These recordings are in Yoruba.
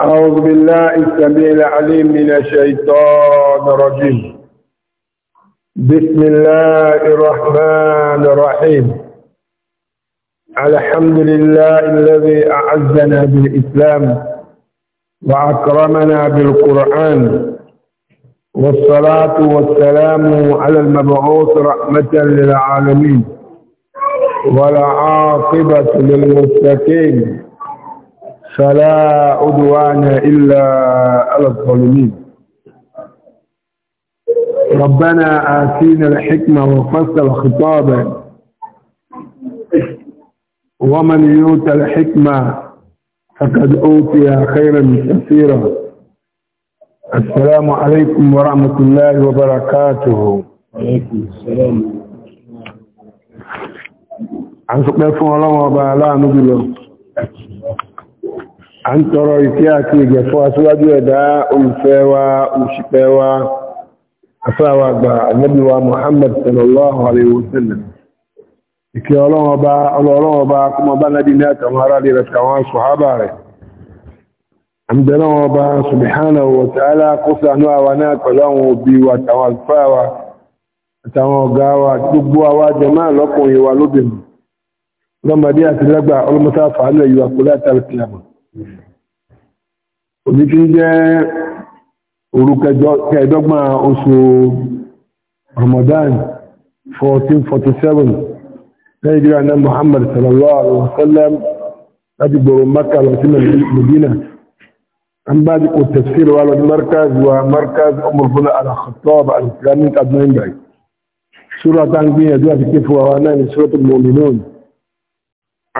أعوذ بالله السميع العليم من الشيطان الرجيم بسم الله الرحمن الرحيم الحمد لله الذي أعزنا بالإسلام وأكرمنا بالقرآن والصلاة والسلام على المبعوث رحمة للعالمين ولا عاقبة للمتقين فلا عدوان إلا على الظالمين ربنا آتينا الحكمة وفصل خطابا ومن يؤت الحكمة فقد أوتي خيرا كثيرا السلام عليكم ورحمة الله وبركاته وعليكم السلام عن سقف الله وبركاته a ń tọrọ ìfẹ́ àti ìgẹ̀ fún aṣíwájú ẹ̀dá olùfẹ́ wa òṣìpẹ́ wa afẹ́wà àgbà ànábì wa Muhammad sallallahu alaihi wasallam ìkẹ́ ọlọ́wọ́ bá kúmọ bá nábi ní àtàwọn ará lè rẹ̀ta wọn sọ̀hábà rẹ̀ àmdẹ́lọ́wọ́ bá subhanahu wa ọ̀gá wa gbogbo àwa jàmá lọ́kùnrin wa lóbìnrin lọ́mọdé àti lágbà ọlọ́mọsáfà alẹ́ yìí kò látàrí kìlámù òní tí ń jẹ́ òru kẹẹ̀dọ́gbọ̀n oṣù Ramadan 1447 lẹ́yìn jíra náà Muhammad sallallahu alaihi wasallam láti gbòrò Makka lọ sí Medina an ba ji ko tafsir wa wani markaz wa markaz umar bin al-khattab al-islamic adnan bai sura ta ń gbìyànjú àti kífùwa wa náà ni suratul mu'minun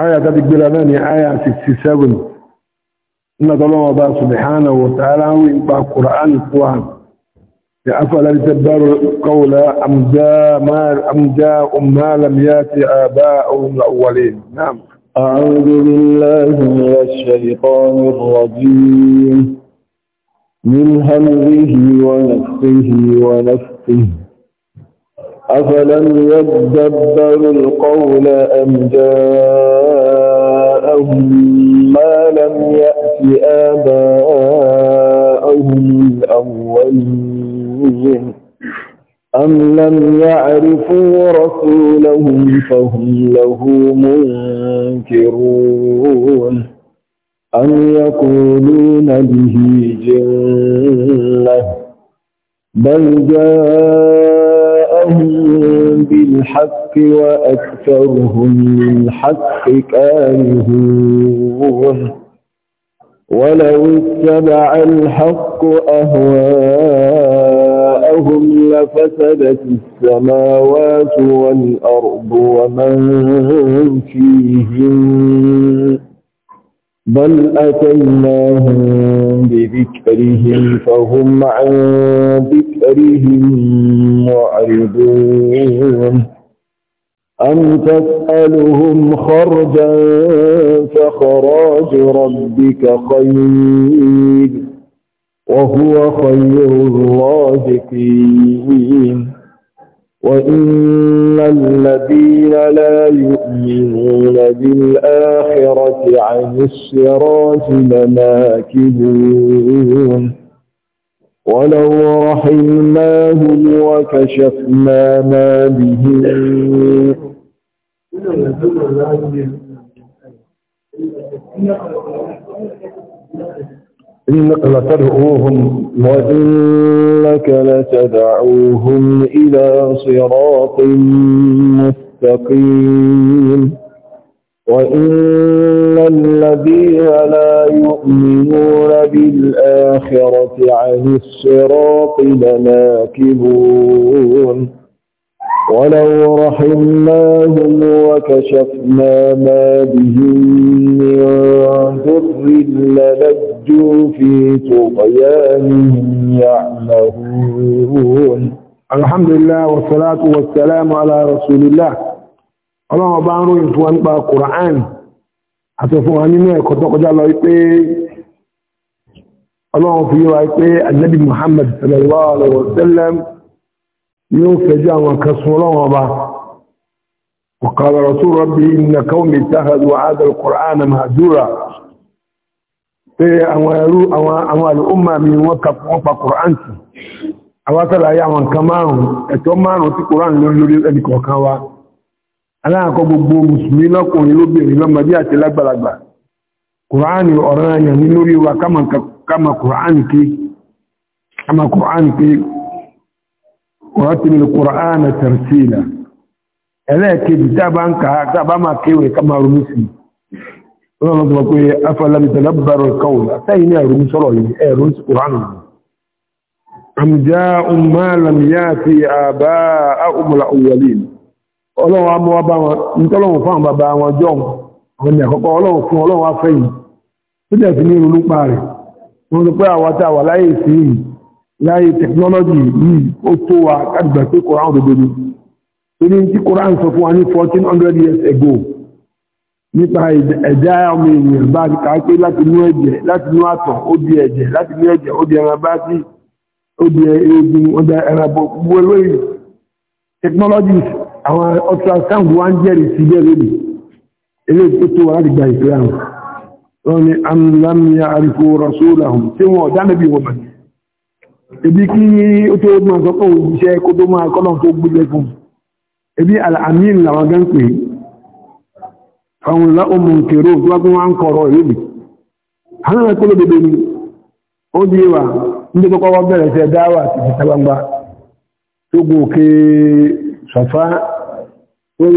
aya ta ti gbéra náà ni aya 67 نظلم الله سبحانه وتعالى وإنبع القرآن القرآن أفلا يتبروا القول أم جاء ما أم جاء ما لم يأت آباؤهم الأولين نعم أعوذ بالله من الشيطان الرجيم من همزه ونفسه ونفسه أفلم يدبروا القول أم جاءهم لم يأت آباءهم الأولين أم لم يعرفوا رسولهم فهم له منكرون أم يقولون به جنة بل جاءهم بالحق الحق وأكثرهم للحق كارهون ولو اتبع الحق أهواءهم لفسدت السماوات والأرض ومن فيهن بل أتيناهم بذكرهم فهم عن ذكرهم معرضون أم تسألهم خرجا فخراج ربك خير وهو خير الرازقين وإن الذين لا يؤمنون بالآخرة عن الصراط لناكبون ولو رحمناهم وكشفنا ما بهم إنك لتدعوهم وإنك لتدعوهم إلى صراط مستقيم وإن الذين لا يؤمنون بالآخرة عن الصراط لناكبون ولو رحمناهم وكشفنا ما بهم من ضر للجوا في طغيانهم يعمهون الحمد لله والصلاة والسلام على رسول الله اللهم بارك في با قرآن àtọ̀fún àmínú ẹ̀kọ́ اللهم kọjá lọ النبي محمد صلى الله عليه وسلم yóò fẹjọ́ àwọn kan sun ọlọ́wọ́n ọba وقال رسول ربي إن قوم اتخذوا هذا القرآن مهجورا àwọn ẹrú àwọn al'umma mi wọ́n kàpọ̀ wọ́n ahụ Kùránì tí wọn ká márùn-ún ẹ̀tọ́ márùn-ún tí Kùránì lórí ẹnìkọ̀ọ̀kan wa aláàkọ́ gbogbo mùsùlùmí lọ́kùnrin lóbìnrin lọ́mọdé àti lágbàlagbà ní lórí wa kama pé wọ́tí ní kùránà tàrsílà ẹlẹ́ẹ̀kejì tàbá ń ká tàbá máa kéwè kama rúmísì ọlọ́run tó wọ́n pé afẹ́lábìtàlábàrọ̀ kawùn àtẹ́yìn ní àrùn sọ́rọ̀ yìí ẹ̀rùn sí kùránà àmìjá umalam yá fi àbá àkùmùlà òwòlì ọlọ́run amọ́ bá wọn nítọ́lọ́run fún bàbá wọn jọ wọn ni àkọ́kọ́ ọlọ́run fún àwọn tá láyé technology yìí ó tó wa kàgbà pé koran òdòdó ni torí tí koran sọ fún wa ní 1400 years ago nípa ẹ̀dá ọmọ ènìyàn bá ti kà á pé láti inú ẹ̀jẹ̀ láti inú àtọ̀ ó di ẹ̀jẹ̀ láti inú ẹ̀jẹ̀ ó di ẹran bá sí ó di eegun ó di ẹran bọ̀ gbogbo lórí technologies àwọn ultrasound wá ń jẹ́rìí sí bẹ́ẹ̀ lónìí eléyìí tó tó wa láti gba ìfẹ́ àwọn wọn ni ebi kí ó tó máa sọ pé òṣìṣẹ́ kó tó máa kọ́lọ̀ tó gbílẹ̀ fún ebi al'amin làwọn gan pé fàwọn la'ọmọ kèrò tó wákún wá ń kọ̀rọ̀ ìlú hannun na kúrò dédé ni ó di wà ní kọ́kọ́ bẹ̀rẹ̀ dáwà ti fi tó gòkè sọ̀fá wọ́n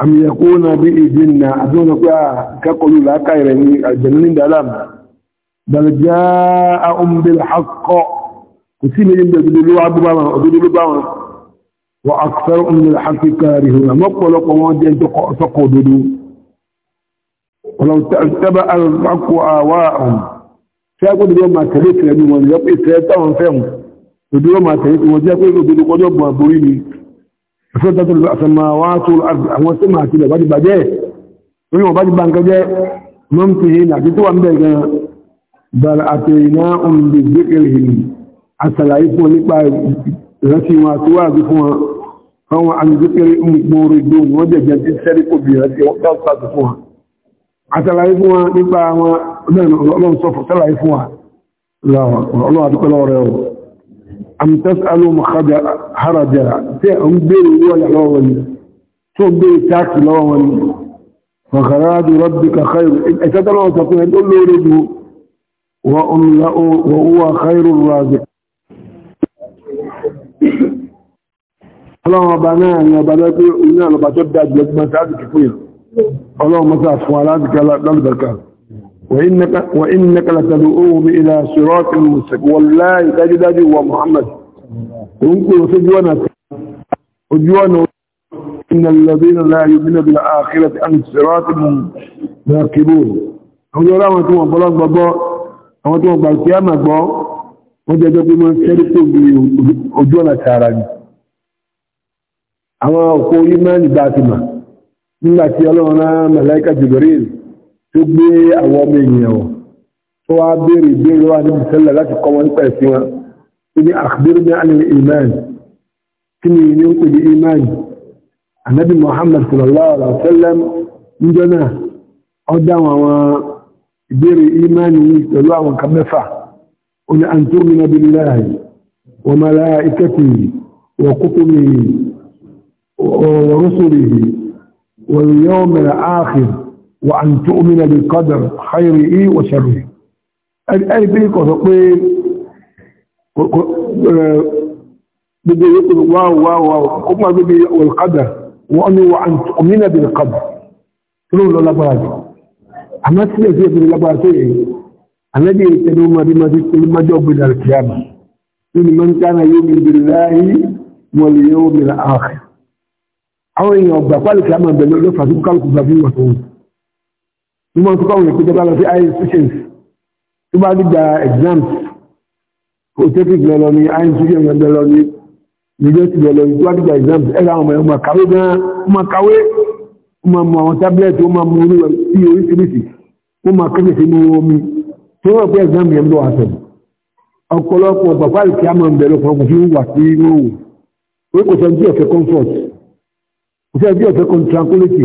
àmì ẹ̀kọ́ náà bí ìdí nà àdúrà pé àkẹ́kọ̀ọ́ ah, làákà rẹ̀ ní àjẹ̀nú ní dàlám dàlẹ́jà àhùnbẹ̀lẹ̀ àkọ́ kò sí méjì bẹ̀rẹ̀ òdodo ló bá wọn òdodo ló bá wọn ìfẹ́tọ́tọ́ àsàmàwátò àwọn tí máa tilẹ̀ bájí bàjẹ́ orí wọn bájí bàǹkà jẹ́ mọ́mtì hìnà tí tó wà ń bẹ̀ gan bàrà àti iná òǹdè gbékèrè hìnì àsàlàyé fún nípa ìrántí wọn àti wáàbí fún wọn fáwọn àmìgbékèrè ìmúgbòrò ìgbò wọn jẹjẹ tí sẹ́rí kò bìí rántí wọn káàkiri sáàtì fún wọn àsàlàyé fún wọn nípa wọn ọlọ́run am tas'aluhum haraja tí a ń gbèrè wọ́n lọ́wọ́ ni tó gbèrè táàkì lọ́wọ́ ni فخراج ربك خير اتدروا تقول تقول له رجو وهو خير الرازق اللهم بنا يا بلاد ان الله بتدد لما تعد كفير اللهم صل على سيدنا محمد وإنك وإنك لتدعوهم إلى صراط المستقيم والله تجد أبي ومحمد ينقل سجونا سجونا إن الذين لا يؤمنون بالآخرة عن صراط مناقبون أولا ما تقول بلان بابا أما تقول بالكيامة بابا وجد أبي من سرطه بأجونا تاراني أما أقول إيمان باتما إلا كي الله ملائكة جبريل tó àwọn ọmọ ènìyàn wọ̀ tó wá béèrè ìbéèrè wà níbi sẹ́lẹ̀ láti kọ́ wọn nípa ẹ̀sìn wọn tó ní àkùdérúbí àlè imán kí ni ìní ń pè ní imán anabi muhammad sallallahu alaihi wa sallam ń jọ náà ó dáhùn àwọn ìbéèrè imán yìí pẹ̀lú àwọn kan mẹ́fà ó ní náà yìí wọ́n an tu'mina billahi wọ́n malaikatihi mi kutubihi wa rusulihi wal mẹ́ra akhir وأن تؤمن بالقدر خيره وشره وشر إيه آه، بدي واو واو واو كما بدي والقدر القدر وأن تؤمن بالقدر تلو لولا براجع أما تلزي في اللباتي الذي يتنوم بما تقول ما جوب إلى الكيامة إن من كان يؤمن بالله واليوم الآخر أو إن يوبا قال الكيامة بلو لفا سبقا لكم بلو nígbà tó kọ́wé pé jọba lọ sí higher institutions tó bá dìgbà exams photographic lọ́lọ́ ní higher institutions lọ́lọ́ ní university lọ́lọ́ ní tó bá dìgbà exams ẹ̀rọ àwọn ọmọ ẹ̀ma kàwé gan-an ọmọ kàwé ọmọ mọ àwọn tablet ọmọ mọ orí sí oríṣiríṣi ọmọ kẹ́kẹ́ sí mú omi tó wọ́n pé exam yẹn lọ́wọ́ àtọ̀ ọ̀pọ̀lọpọ̀ bàbá ìkí àmọ́ ń bẹ̀rẹ̀ ọ̀pọ̀lọpọ̀ fi ń wà sí inú òwò pé kò sọ bí ọ̀fẹ́ comfort kò sọ bí ọ̀fẹ́ tranquility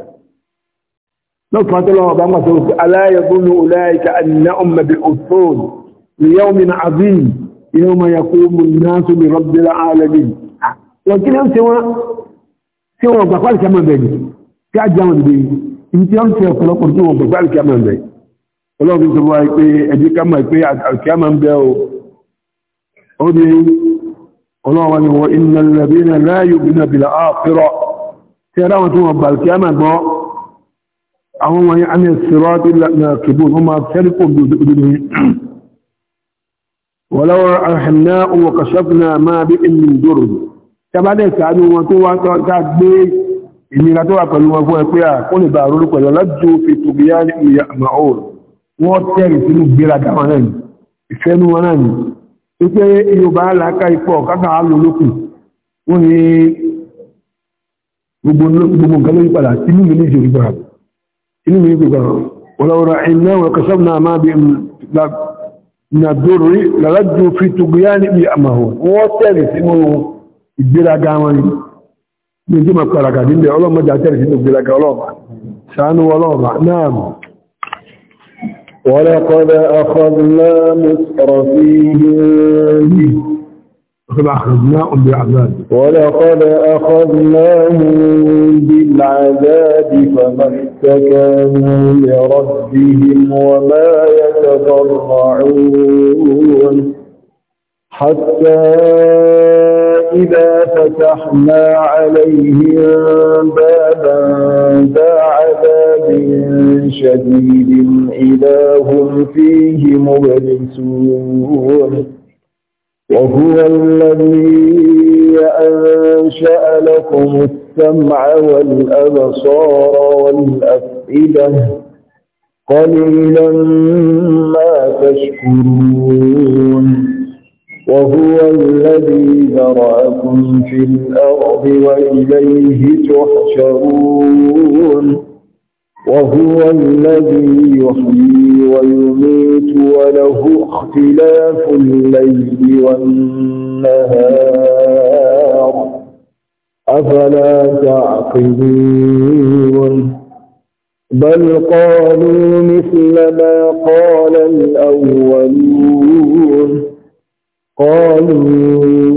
نطلع تلوه أبا مسعود ألا يظن أولئك أنهم بالأسطول ليوم عظيم يوم يقوم الناس برب العالمين لكن هم سوى سوى بقال كمان بني كأجمل بني انت هم سوى كلا قرطوا بقال كمان بني ولو بنت الله يقول أجي كما يقول كمان بني أودي الله وإن الذين لا يؤمن بالآخرة ترى وانتم بالكامل بني àwọn ọmọ yẹn àmì ìsìrọ́tì kìbù wọn máa fẹ́rí kò bí ojú ni wọ́n lọ́wọ́ àhìnà owó kàṣọ́fìnà máa bí ẹni ìdòrò tábàdẹ̀ sàánú wọn tó wá ká gbé ìnira tó wà pẹ̀lú wọn fún ẹgbẹ́ àkó lè pẹ̀lú ọlọ́jọ́ fi tòbí inú mi gbogbo wọ́lọ́wọ́rọ̀ iná wọ́n kasar na máa bí na dórí lọ́lọ́dún fi tugbìyà ní bí àmàhù wọ́n tẹ̀rẹ̀ sínú ìgbéraga wọn ní tí ma pàràkà nílẹ̀ ọlọ́mọdé tẹ̀rẹ̀ sínú ìgbéraga ọlọ́ọ̀bà sánú ọlọ́ọ̀bà náà ولقد أخذنا مصر فيه ما استكانوا لربهم وما يتضرعون حتى إذا فتحنا عليهم بابا ذا عذاب شديد إذا هم فيه مبلسون وهو الذي أنشأ لكم السمع والأبصار والأفئدة قليلا ما تشكرون وهو الذي ذرأكم في الأرض وإليه تحشرون وهو الذي يحيي ويميت وله اختلاف الليل والنهار أفلا تعقلون بل قالوا مثل ما قال الأولون قالوا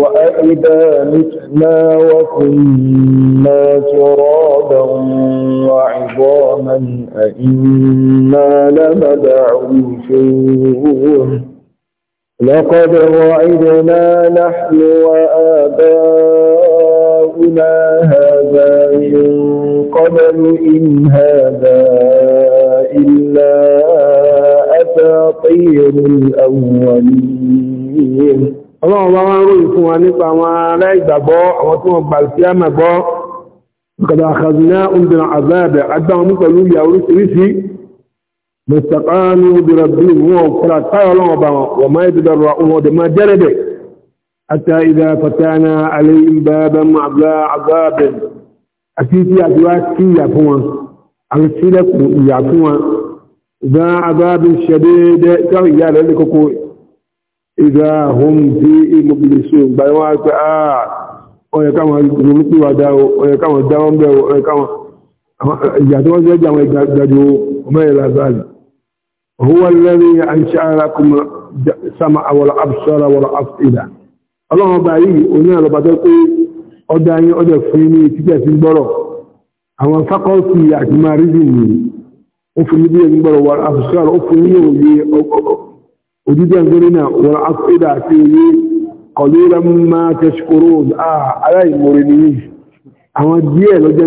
وأئذا متنا وكنا ترابا وعظاما أئنا لمبعوثون لقد وعدنا نحن وآباؤنا ربنا هذا من قبل إن هذا إلا أساطير الأولين Ọlọ́run ọba wọn ròyìn fún wa nípa àwọn ará ìgbàgbọ́ àwọn tí wọ́n gbà sí àmà gbọ́. Ìkàdà àkàzìnà àzáàbẹ̀ agbáwọn mú pẹ̀lú ìyà oríṣiríṣi. Mùsàkánú obìnrin bí wọn kọ́ra حتى إذا فتانا عليهم بابا معبلا عذاب كي أدواتي يعفوا أرسلك يعفوا ذا عذاب شديد تغيى لكم إذا هم في مبلسون بيوات آه ọ̀yẹ̀ káwọn olùpìwàdá ọ̀yẹ̀ káwọn dáwọn bẹ̀rẹ̀ ọ̀yẹ̀ káwọn ìyà tí wọ́n jẹ́ هو الذي أنشأ لكم السمع والأبصار والأفئدة ọlọ́run ọba yìí oní àlọ́bà tó pé ọdá yín ọdẹ fún ní títẹ̀ sí gbọ́rọ̀ àwọn fákọ́ọ̀tì àti máa rí sí ní ó fún ní bí ẹni gbọ́rọ̀ wà àfùsọ́rọ̀ ó fún ní òye òdíjẹ́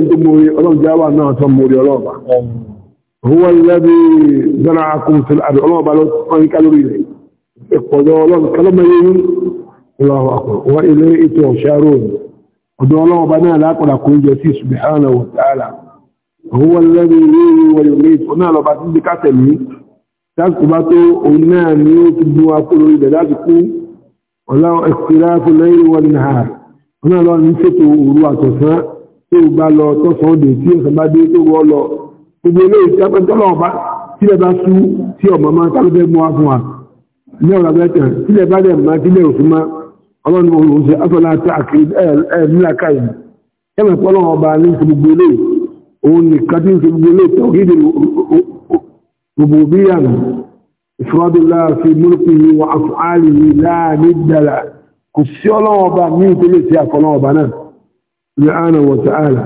nítorí هو الذي زرعكم في الأرض الله بالله كالوري إقبال الله كلمة يقول الله أكبر وإليه تحشرون ودعو الله بنا لا قل أقول جسي سبحانه وتعالى هو الذي يحيي ويميت ونال بعد ذلك أتمي تكبته أناني تدوا كل ذلك وله اختلاف الليل والنهار ونال نسيته وروا تسا تو بالو تسو دي تي سبا دي تو ولو تبلي تبن تلو با تي با سو تي او ماما تلو بي مو افوا ni ọ̀rọ̀ abẹ́tẹ̀ sílẹ̀ bá dẹ̀ máa sílẹ̀ òfin máa ọlọ́ni òun ṣe afẹ́lá tààkì ẹ̀ẹ́mìláka yìí ẹ̀mẹ̀ pọ́lọ́ ọba ní gbogbo ilé òun nìkan tí ń fi gbogbo ilé tọ̀gídì gbogbo bí yàrá ìfúrọ́dúnlá fi múlùkù yìí wọ́n afọ́álì yìí láàrin dára kò sí ọlọ́wọ́ ọba ní ìpínlẹ̀ sí àkọlọ́ ọba náà subhana wa ta'ala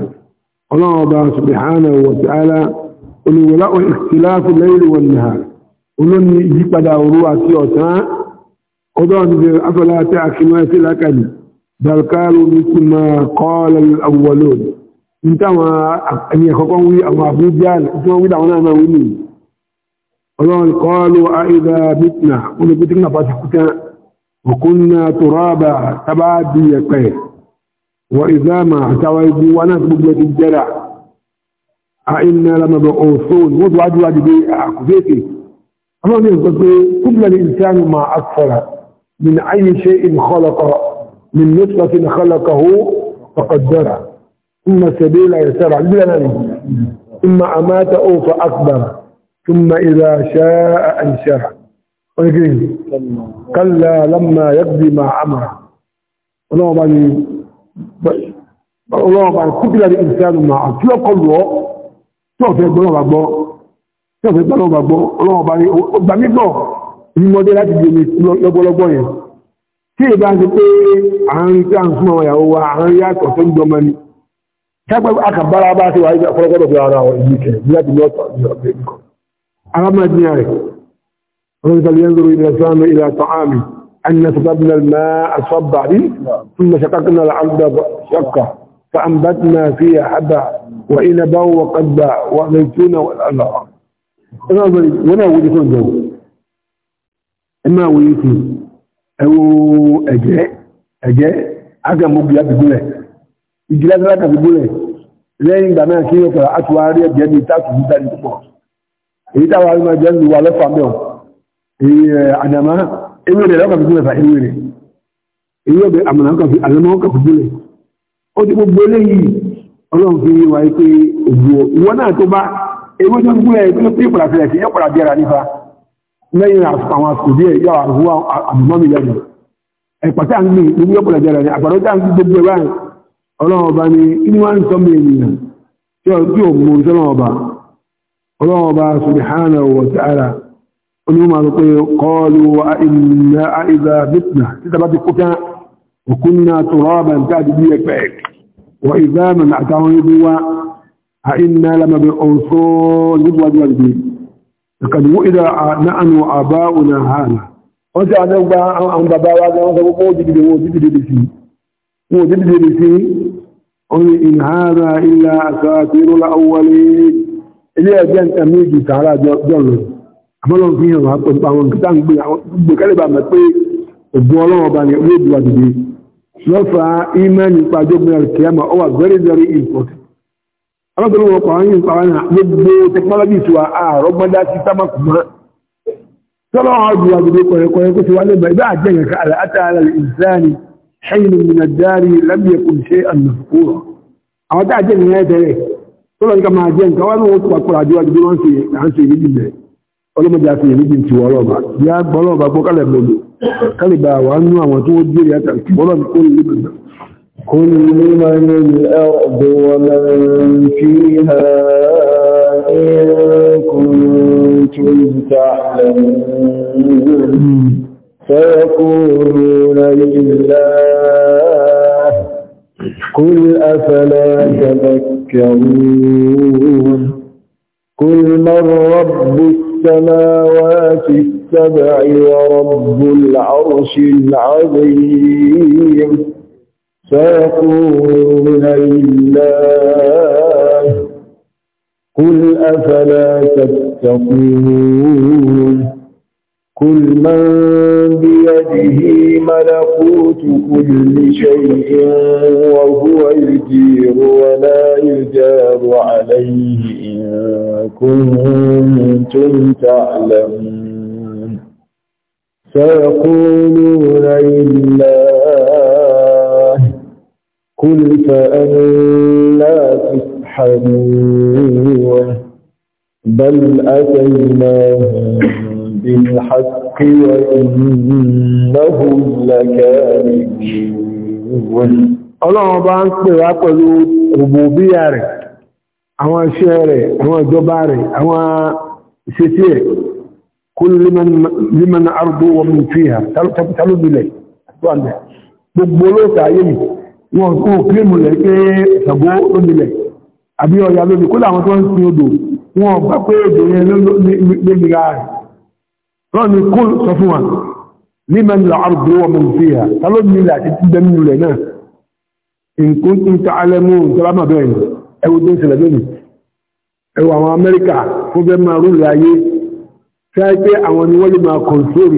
ọlọ́wọ́ ọba subhana wa ta'ala olùwẹ̀lá ìkìláfù lẹ́yìn wọn nìhà ìyípadà òru àti ọ̀sán قضاء أفلا تأكلون في الأكل بل قالوا مثل ما قال الأولون انت ما أن يخطوي أو أبو جال انت ما ودعونا ما وني قالوا أئذا بتنا قلوا بتنا فاسكتا وكنا ترابا تبعدي يقين وإذا ما تويبوا وانا تبقوا الجرع أئنا لمبعوثون وضعوا واجبي أكفيتي الله يقول كل الإنسان ما أكثره من أي شيء خلق من نطفة خلقه فقدره إما سبيل يسار إما أماته فأكبر ثم إذا شاء أنشر ويقول كلا لما يقضي ما عمر الله أني اللهم أني كتل الإنسان ما عمر كيف يقول له شوفي بلو بابو شوفي بلو بابو اللهم أني أبني بلو ìmọ̀dé tí ìbá ń ṣe pé àárín tí a ń súnmọ́ ìyàwó wa àárín yàtọ̀ tó ń gbọmọ ni tápẹ́ akàbára bá ti wà ní ọ̀pọ̀lọpọ̀ ẹ máa wo ikú ẹ wo ẹ̀jẹ̀ ẹ̀jẹ̀ agamobi abigúnlẹ̀ igi lásán abigúnlẹ̀ lẹ́yìn ìgbà náà kí ọkọ̀ àtúwà rí ẹ̀jẹ̀ ní táàkì gbígbà ní púpọ̀ èyí táwọn arúgbó ẹ̀jẹ̀ ń lu wa lọ́fà mẹ́ọ̀ èyí àdàmà ewé rẹ̀ lọ́kàn fífúnlẹ̀ fà ewé rẹ̀ èyí ọ̀bẹ àmàlà ọkàn fi àlọ́mọ ọkàn fífúnlẹ̀ ó ti gbogbo eléyìí ọlọ́run fi wáyé pé òbúwọ́ ìwọ náà tó bá ewé tó fífúnlẹ̀ tó pé pàràfẹ́rẹ́ sí ẹ̀ lẹ́yìn àwọn àkùdí ẹ̀ yọ àwọn àbùmọ́mì lẹ́nu ẹ̀pàtà ń gbìn ní ọ̀pọ̀lọ̀ jẹ́rẹ̀ ní àgbàdo tá ń gbé gbé báyìí ọlọ́run ọba ni inú wa ń sọ mi ènìyàn tí ó tí ò mú sọ́nà ọba ọlọ́run ọba subhanahu wa ta'ala ó ní máa pé qalu inna àìbá bitna títa bá لقد وئد نحن وآباؤنا هذا wọ́n tí a ní gba àwọn bàbá wa gan wọ́n sọ pé ó dìbìdì wọ́n dìbìdì sí wọ́n dìbìdì sí orí ìhàrá ilẹ̀ àsàtírúlá awwalé ilé ẹgbẹ́ ẹ̀mí ìjù tààrà jọ́rọ̀ àmọ́lọ́n fi hàn wá pẹ̀lú àwọn kìtà ń gbé kẹ́lẹ̀bà mẹ́ pé ògùn ọlọ́wọ́ bá ní olóòdùwà dìde lọ́fà ìmẹ́ni pàjọ́gbìn alkiyama ó alágbèrè wọn kọ̀ọ̀rọ̀ yìí pàwọn náà gbogbo technology tiwa ààrọ̀ gbọ́dá sí sámàkùnmọ́ tọ́lọ́ ọdún agbègbè kọ̀rẹ́kọ̀rẹ́ kó ti wá lẹ́gbẹ̀ẹ́ ibá àjẹyẹ ká àtàrà ìzáni ṣẹ́yìn mìnàdárì lábẹ́kùn ṣe ànàfúrọ̀ àwọn tá àjẹyẹ yẹn tẹ́lẹ̀ tọ́lọ́ ní ká máa jẹ nǹkan wọn wọ́n tó wà kúrò àjọ agbègbè wọn ṣe à ń ṣe ìrìbì bẹ̀ ọlọ́mọdé àti ìrìbì ti wọ́ ọlọ́ba كل من الأرض ومن فيها إن كنتم تعلمون فيقولون لله قل أفلا تذكرون قل من رب السماوات السبع ورب العرش العظيم سيقولون لله قل أفلا تتقون كل من بيده ملكوت كل شيء وهو يجير ولا يجار عليه إن كنتم تعلمون سيقولون لله قل فأنا تسحرون بل أتيناهم بالحق وإنهم لكاذبون ọlọ́run bá ń pè wá pẹ̀lú rùbùbíyà rẹ̀ àwọn iṣẹ́ rẹ̀ àwọn ìjọba rẹ̀ àwọn ìṣesí ẹ̀ kó límọ̀nà arúgbó wọn fi hàn tálóbìlẹ̀ gbogbo olóòtà ayé nìí wọn ò kílèmù lẹ̀ pé ṣàgbó ló nílẹ̀ àbí ọ̀yà lónìí kó làwọn tó ń sin odò wọn ò gbà pé èdè yẹn lónìíra rẹ̀ lọ́n ni kó sọ fún wa ní mẹ́nu àrùbí wọn mọ̀ sí ha ta ló nílẹ̀ àti tí bẹ́ẹ̀ nínú rẹ̀ náà nǹkan tó ń ta alẹ́ mú ìjọba máa bẹ́ẹ̀ ni ẹwù tó ń ṣẹlẹ̀ lónìí ẹwù àwọn Amẹ́ríkà fún bẹ́ẹ̀ máa rú ayé fẹ́ àwọn ni wọ́n lè máa control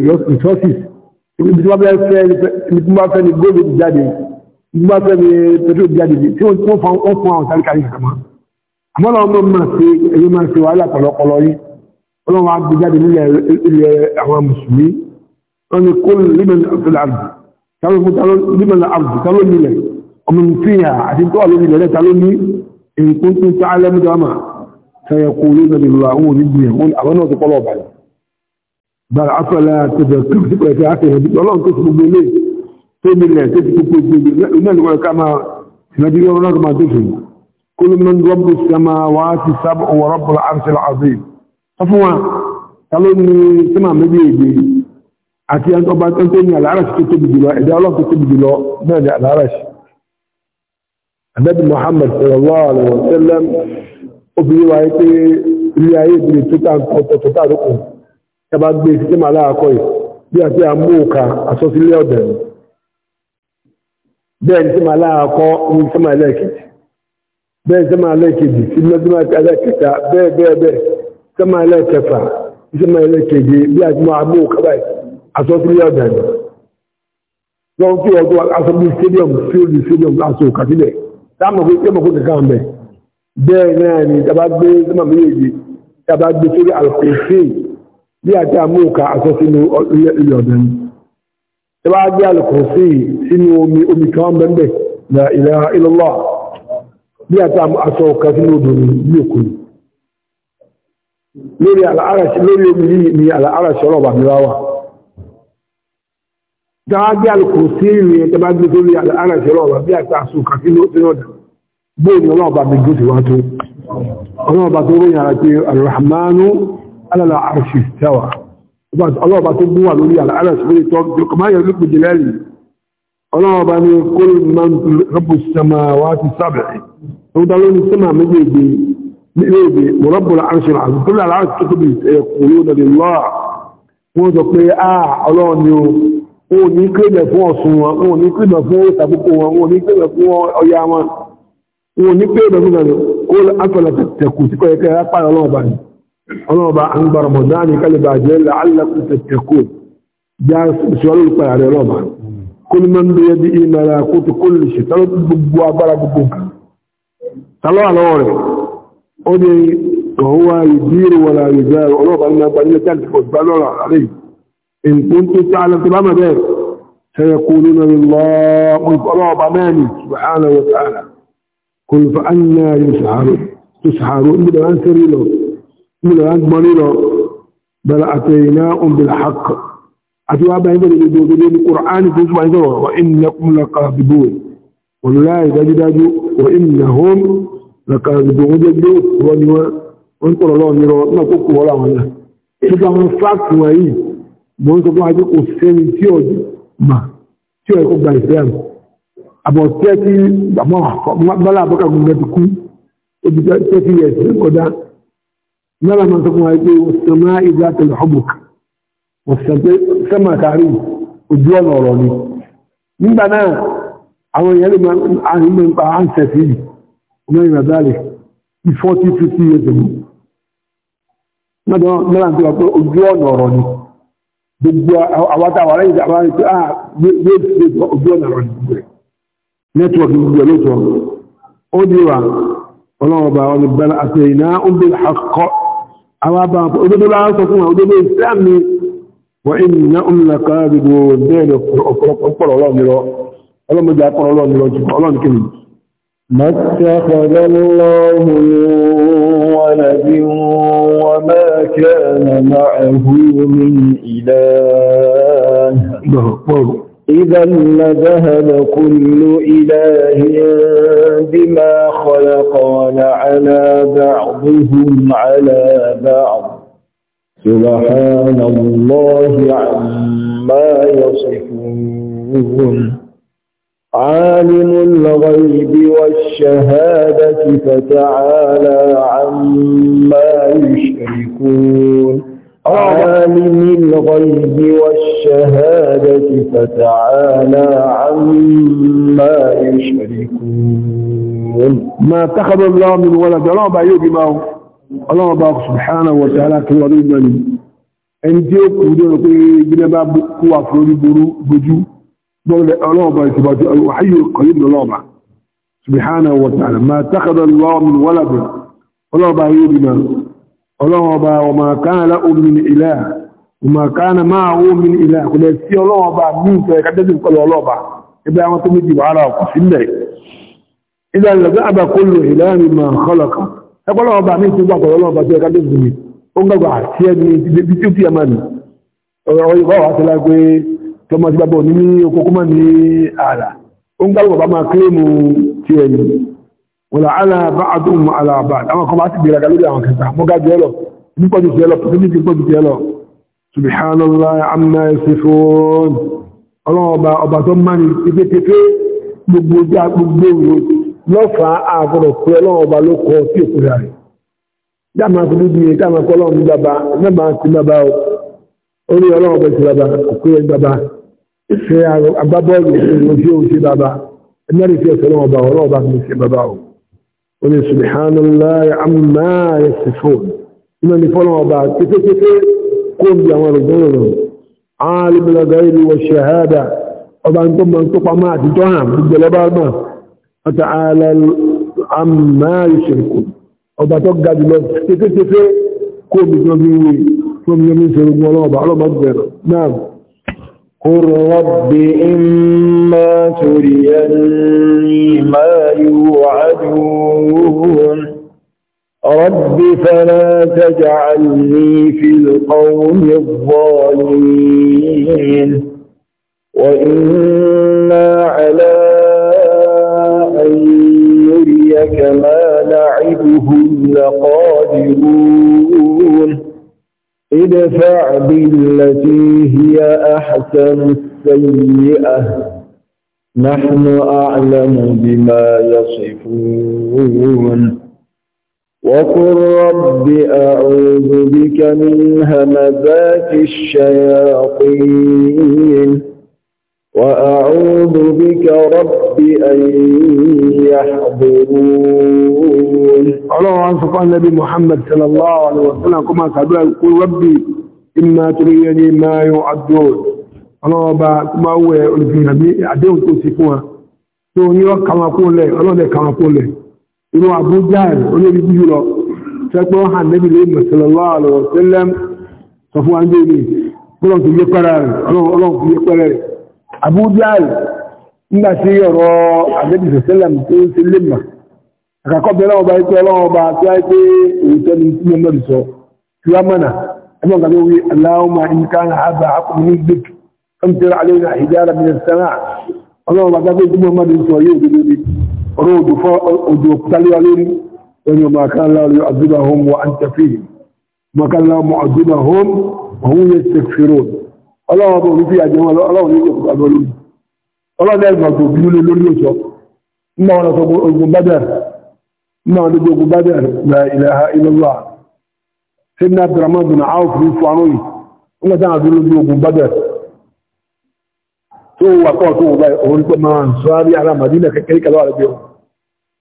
gbogbo afẹ́ mi pẹ̀lú ìdí àdìdì tí wọ́n fún wọn fún àwọn sáré kárí kàmá àmọ́ lọ́wọ́ mọ́ máa ṣe èyí máa ṣe wàhálà pọ̀lọpọ̀lọ yìí ọlọ́wọ́ á gbé jáde nílẹ̀ ilẹ̀ àwọn mùsùlùmí wọ́n ní kó límẹ̀lá àrùdù táló nílẹ̀ ọmọ nìfìyà àti tó àlóní ilẹ̀ táló ní nǹkan tó tá alẹ́mú dáma sẹ́yẹ kó ló bẹ̀rẹ̀ lọ àwọn onígbìyàn àwọn tó nílẹ̀ tó ti gbogbo gbogbo náà ni wọ́n ká máa ìrìnàjò yọrọ náà máa dófin kólú mọ́ ní rọ́bù sẹ́mà wá ti sábà ọwọ́ rọ́bù àrùsẹ̀lá azim wọ́n fún wa tálọ́ ní sẹ́mà méjì èdè àti ọba tó ní alárasì tó tóbi jùlọ ẹ̀dá ọlọ́run tó tóbi jùlọ náà ní alárasì Ànábì Muhammad sallallahu alaihi wa sallam bẹ́ẹ̀ ní sẹ́mà aláàkọ́ ní sẹ́mà ẹlẹ́ẹ̀kejì bẹ́ẹ̀ ní sẹ́mà ẹlẹ́ẹ̀kejì sí lọ́sẹ́mà ẹlẹ́ẹ̀kẹta bẹ́ẹ̀ bẹ́ẹ̀ bẹ́ẹ̀ sẹ́mà ẹlẹ́ẹ̀kẹfà ní sẹ́mà ẹlẹ́ẹ̀keje bí a ti máa mú kábà asọ́sílẹ̀ ọ̀dà ni wọ́n fi ọdún asọ́bí stadium field stadium aṣọ òkàtílẹ̀ táàmù pé yọmọ kó kankan bẹ̀ bẹ́ẹ̀ náà ni tàbá tí wá gbé alùkùnsí sínú omi omi kan bẹ́ẹ̀ na ilaha illallah bí àti aṣọ ọ̀kan sínú odò ní òkú lórí omi yìí ni àlàáràṣì ọlọ́ọ̀bà mi wáwà tí wá gbé alùkùnsí ìrìn ẹ̀tẹ́ bá gbé sórí àlàáràṣì ọlọ́ọ̀bà bí àti aṣọ ọ̀kan sínú odò bóòni ọlọ́ọ̀bà mi gúúsù wá tó ọlọ́ọ̀bà tó ròyìn ara pé alùhàmánú alàlà àrùsì tẹ́wàá ọlọ́ọ̀bá tó mú wà lórí àlàárẹ̀sì lórí tọ́ lọ́kọ̀máyà ló pèjì lẹ́rì ọlọ́ọ̀bá ní kúrò máa ń rọ́bù sẹ́mà wá ti tó dá lórí sẹ́mà méjèèjì tó a wọn ò kílẹ̀ fún ọ̀sùn wọn wọn kílẹ̀ fún wọn kílẹ̀ fún wọn ọlọ́ọ̀bá ń gba rọmọdánì kálíbà jẹ́ làálàkùn tẹ̀tẹ̀kù já ìṣòro ìpàyà rẹ̀ ọlọ́ọ̀bá kó ní máa ń bẹ́yẹ bí ìmọ̀ra kó tó kó lè ṣe tálọ́ gbogbo agbára gbogbo nǹkan tálọ́ àlọ́ rẹ̀ ó ní ọ̀húnwá ìdíru wọ̀lá ìgbà ọlọ́ọ̀bá ń gba nílẹ̀ tí a ti pọ̀ gbá lọ́rọ̀ àárẹ̀ nǹkan tó tá a lọ sí bámọ̀ bẹ́ẹ̀ سيقولون لله قل فالله أماني سبحانه وتعالى قل فأنا يسحرون تسحرون بدأ أن سري لهم nílò láti gbọ́ nílọ bẹ̀rẹ̀ àtẹ̀yìnà ọ̀bẹ̀lẹ̀ haqq àti wá báyìí bẹ̀rẹ̀ gbogbo gbogbo ní kùránì tó súnmọ́ ìṣòro wà ìnà kún lọ́kàbìbò wọ̀lúláì dájúdájú wà ìnà hóm lọ́kàbìbò wọ́n jẹ́ gbé wọ́n ni wọ́n tọ̀rọ̀ lọ́wọ́ nírọ náà kó kù wọ́lá wọn náà nípa wọn fáàkì àbọ̀ tẹ́tí àbọ̀ bọ́lá àbọ́kà gbogbo tẹ́tí yẹ̀ sí kọjá lára máa sọ fún wa pé ọ̀sẹ̀má ìgbà tẹ̀lé ọ̀bùk ọ̀sẹ̀ pé sẹ́mà kárí ojú ọ̀nà ọ̀rọ̀ ni nígbà náà àwọn èèyàn lè máa ń mọ̀ nípa ancestry yìí ọmọ ìrìn àdáàlẹ̀ bí forty fifty years ago náà náà ti wà pé ojú ọ̀nà ọ̀rọ̀ ni gbogbo àwátà ah, àti ìná ó àkọ́ àwọn abà òdodo láwọn sọ fún wọn òdodo islam ni wọ́n ìlú ní ọmọlẹ́kà gbogbo bẹ́ẹ̀ ọ̀pọ̀lọpọ̀ ọlọ́mìíràn ọlọ́mọdé akọ̀rọ̀ ọlọ́mìíràn jù ọlọ́mìkìlì ما اتخذ الله إذا لذهب كل إله بما خلق ولعلى بعضهم على بعض سبحان الله عما يصفون عالم الغيب والشهادة فتعالى عما يشركون عالم الغيب والشهادة فتعالى عما يشركون ما اتخذ الله من ولد الله ما يجي الله باق سبحانه وتعالى كل رب من انت يقول لك ابن باب قوة فلولي برو بجو بل الله باق سبحانه وحي القريب الله باق سبحانه وتعالى ما اتخذ الله من ولد الله باق يجي معه ọlọ́run ọba ọmọ àkáàlá omi ilẹ̀ ọmọ àkáàlá máa omi ilẹ̀ kò lè sí ọlọ́run ọba ní ìfẹ́ kájẹ́sì kọlọ ọlọ́ọ̀bá ẹgbẹ́ àwọn tó méjì wàhálà ọkọ̀ sílẹ̀ ìdá ìlọ́gbẹ́ àbàkólò ilẹ̀ mi máa kọlọ̀kọ̀ ẹgbọ́lọ́ ọba mi ti gbàgbọ́ ọlọ́ọ̀bá tí kájẹ́sì mi ó ń gbàgbà àti ẹni bí tí ó ti ẹ̀mà ní wọ̀lá aláàbá àdóhùn aláàbá àwọn kan bá ti bèèrè galórí àwọn kẹta mọ́gá jẹ́ lọ nípọ̀jù jẹ́ lọ pẹ̀lú pọ̀jù jẹ́ lọ subhanallah amma yasifun ọlọ́ọba ọba tó máa ní pípẹ́pẹ́ gbogbo já gbogbo ìwò lọ́fàá àgbọ̀rọ̀ pé ọlọ́ọba ló kọ sí òkú rẹ̀ dáàmà kò níbi yẹn dáàmà kọ́ ọlọ́run bàbá mẹ́bà ti bàbá o orí ọlọ́ọba ti bàbá òkú rẹ̀ bàbá ìfẹ́ agbábọ́ọ̀lù òṣèlú tí ṣe bàbá ẹ̀mẹ́rin oní subhanallahi amma yasifun nínú ní fọ́nà ọba kéfékéfé kó bí àwọn ọ̀rọ̀gbọ́n rẹ̀ alimul ghaibi wa shahada ọba ń tó mọ́ tó pa máa ti tọ́hàn gbogbo lọ́ba ọgbà ọta amma náà قل رب إما تريني ما يوعدون رب فلا تجعلني في القوم الظالمين وإنا على أن نريك ما نعدهم لقادرون ادفع بالتي هي أحسن السيئة نحن أعلم بما يصفون وقل رب أعوذ بك من همذات الشياطين وأعوذ بك رب أن يحضرون الله عن صفاء النبي محمد صلى الله عليه وسلم كما سأدعى يقول ربي إما تريني ما يعدون الله با كما هو يقول في نبي أدعون توسفوها tó ní ọ kàwọn kó lẹ ọlọ́dẹ kàwọn kó lẹ inú àbújá ẹ̀ olórí bíjú lọ tẹ́gbọ́n hàn níbi lè mọ̀sílọ́lọ́ àlọ́wọ̀ tẹ́lẹ̀ sọ fún wa ń dé ní ọlọ́run tó yẹ pẹ́rẹ́ rẹ̀ ọlọ́run tó yẹ pẹ́rẹ́ rẹ̀ abújáàlì nígbà tí ọ̀rọ̀ àgbẹ̀bìsẹ̀ sẹ́lẹ̀m tó ń ṣe lè mà àkàkọ́ bẹ̀rẹ̀ ọba ikú ọlọ́run ọba tí a pé òótọ́ ni tí mo mẹ́rin sọ tí wá mọ̀nà ẹgbọ́n kan tó wí aláwọ̀mà nǹkan àbá akọ̀mí gbèk ọmọ tẹ́lẹ̀ alẹ́ ìrìn àìjá ara bìnrin sẹ́nà ọlọ́run ọba tí mo yóò dé lórí láàrin àdúgbà home wa an tafihim mọ̀kan láàrin àdúgbà home wa hun yẹ ọlọ́run bó wípé àjẹ́ wọn ọlọ́run ní ìjọba lórí ọlọ́run ẹ̀gbọ́n kò bí lé lórí òjò nínú bụ na ilaha illallah sẹ́dínà abdulrahman bin awf ní fuano yìí wọ́n gbọ́dọ̀ àwọn ọdún ogun bádẹ̀r tó wà pọ̀ tó wà máa ń ara kékeré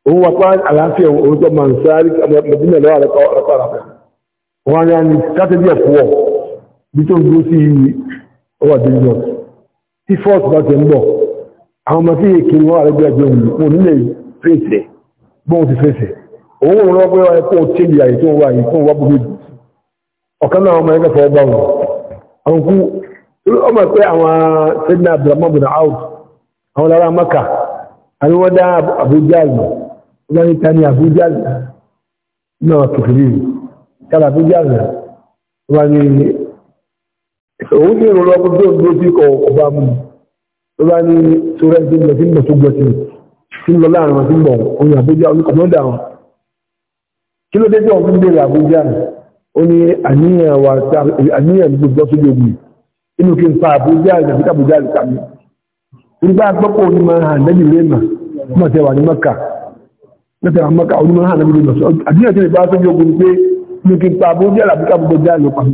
òun wà máa ń a ó dị dangerous tí force bá ti ń bọ̀ àwọn ọmọ tí èkì wọn àrẹ́gbẹ́ ẹgbẹ́ òun wọn nílé fèsì rẹ̀ bọ́n ti fèsì òun wọn rọ́pẹ́ ẹkọ́ tíbi àyè tó wà yìí fún ọ̀kan náà ọmọ ẹgbẹ́ bá wọn àwọn kú ọmọ àwọn sẹ́dínà bin àwọn lára maka wọ́n ní náà kára wọ́n ní òun ní ìrọ̀lọ́ ọkọ̀ tó ń gbé sí ọba mú ló bá ní sórí ẹni tó ń lọ sí ń bọ̀ tó gbọ́ sí tí ń lọ láàrin wọn sí ń bọ̀ òun àbújá oní kọ̀mọ́dà wọn kí ló dé tí wọn fi ń bèèrè àbújá ó ní àníyàn wa àníyàn gbogbo sójú ogun inú kí n fa àbújá àti àbújá àti kàmí nígbà àgbọ́pọ̀ onímọ̀ hàn lẹ́yìn lẹ́mà mọ̀tẹ́ wà ní mọ́kà mọ́tẹ́ wà mọ́kà onímọ̀ hàn lẹ́yìn lẹ́mà àdíyàn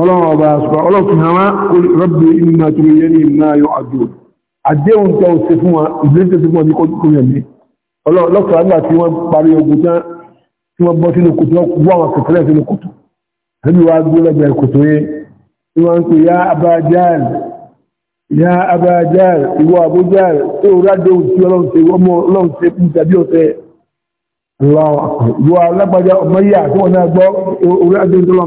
ọlọ́run ọba àṣùpá ọlọ́run fi hàn wá rọ́bì ìmọ̀ tó yẹ ní ìmọ̀ ayọ̀ àjò àdéhùn tó ṣe fún wa ìgbésẹ̀ tó fún wa ní kọjú ẹ̀mí ọlọ́kùnrin àgbà tí wọ́n parí ogun tán tí wọ́n bọ́ sínú kòtò wọ́n wọ́n àwọn kẹfẹ́lẹ̀ sínú kòtò ẹbí wa gbé lẹ́gbẹ̀ẹ́ kòtò yẹn tí wọ́n ń pè ya abajal ya abajal ìwọ abujal tó rádé òun tí ọlọ́run ṣe ọmọ ọlọ́run ṣe fún tàbí ọ̀tẹ̀ ìwọ alágbájá ọmọ yìí àti wọn náà gbọ́ orí adé ń tọ́lọ́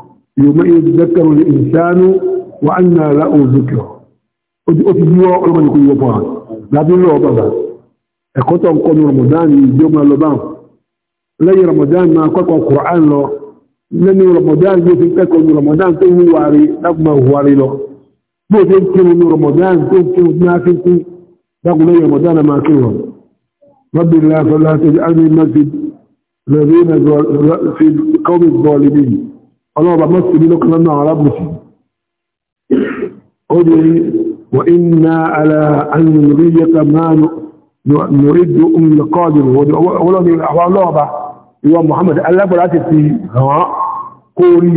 يومئذ ذكر الإنسان وأن لا ذكره أتي جوا ألمان يكون يوبان لا بيلو بابا أكتم كون رمضان يوم اللبان. لا رمضان ما كتب القرآن له لأن رمضان يوم كتب رمضان تهو واري نقما هو واري له بوت يمكن رمضان تمكن نافذ تقول رمضان ما كلهم رب الله فلا تجعلني مسجد الذين في قوم الظالمين ọlọ́ọ̀bà mọ́sí ní lọ́kànlá náà arábùsì ó dé wà iná ala anìyànríyàká máa nùrídù umlkọ́dìrù ọlọ́ọ̀bà ìwà Muhammad alágbàrá ti fi hàn kó rí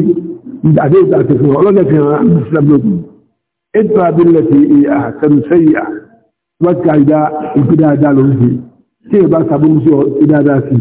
àdéhùn àti fún ọlọ́dẹ̀ fi hàn ìsìlámlógún ìtura bílẹ̀ ti àtẹnu sẹ́yà wọ́n ti àìdá ìgbédáadáa lórí sí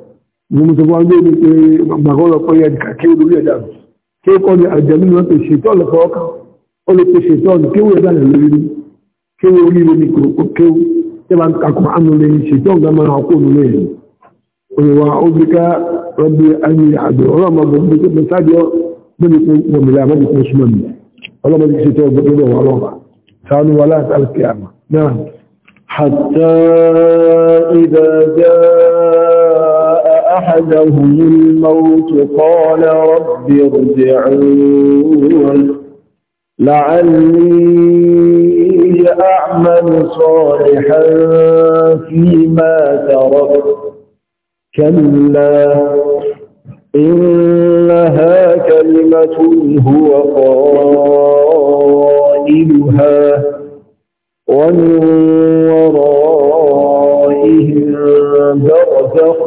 mo mú sọfún ọjọ́ ní pé gbàgbọ́ lọ pé ẹ̀dìkà kí ó lórí ẹ̀dà kí ó kọ́ ní àjẹmí ni wọ́n pè ṣètò ọ̀lọ́pọ̀ ọkàn ó lè pè ṣètò ọ̀nà kí ó ẹ̀dà rẹ̀ lórí kí ó rí lórí kò kí ó tẹ́ bá ń kakọ̀ ánú lè ṣètò ọ̀gá máa kó nù lè rí òyìnbó obìnká rọ́bì ayé àdó ọlọ́mọgbò gbogbo sáàdì ọ̀gbẹ́ni حتى إذا أحدهم الموت قال رب ارجعون لعلي أعمل صالحا فيما تركت كلا إنها كلمة هو قائلها ومن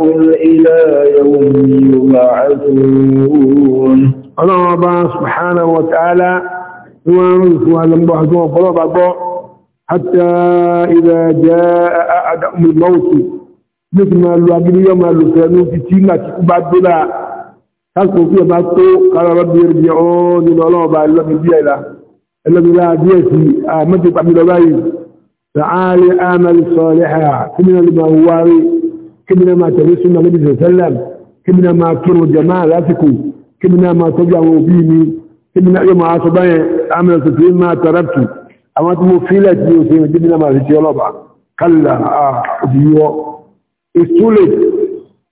معهم إلى يوم يبعثون الله سبحانه وتعالى يوانس ولم يحزون فلوبا حتى إذا جاء أعدهم الموت مثل ما الواقل يوم الوثانون في تيمة بعد دولا تلقوا فيها باتو قال ربي يرجعون إلى الله بأ الذي بيئة الذي لا بيئة آه، آمنت بأمي لبايه فعالي آمل صالحا كمن المواري كبنا ما تريد سنة النبي صلى الله عليه وسلم كبنا ما كروا جماعة لأسكو كبنا ما تجعوا بيني كبنا يوم عاصباني عمل ستين ما تربت أما تمفيلت يوسين كبنا ما رسي الله بعد كلا آه، أبيو استولت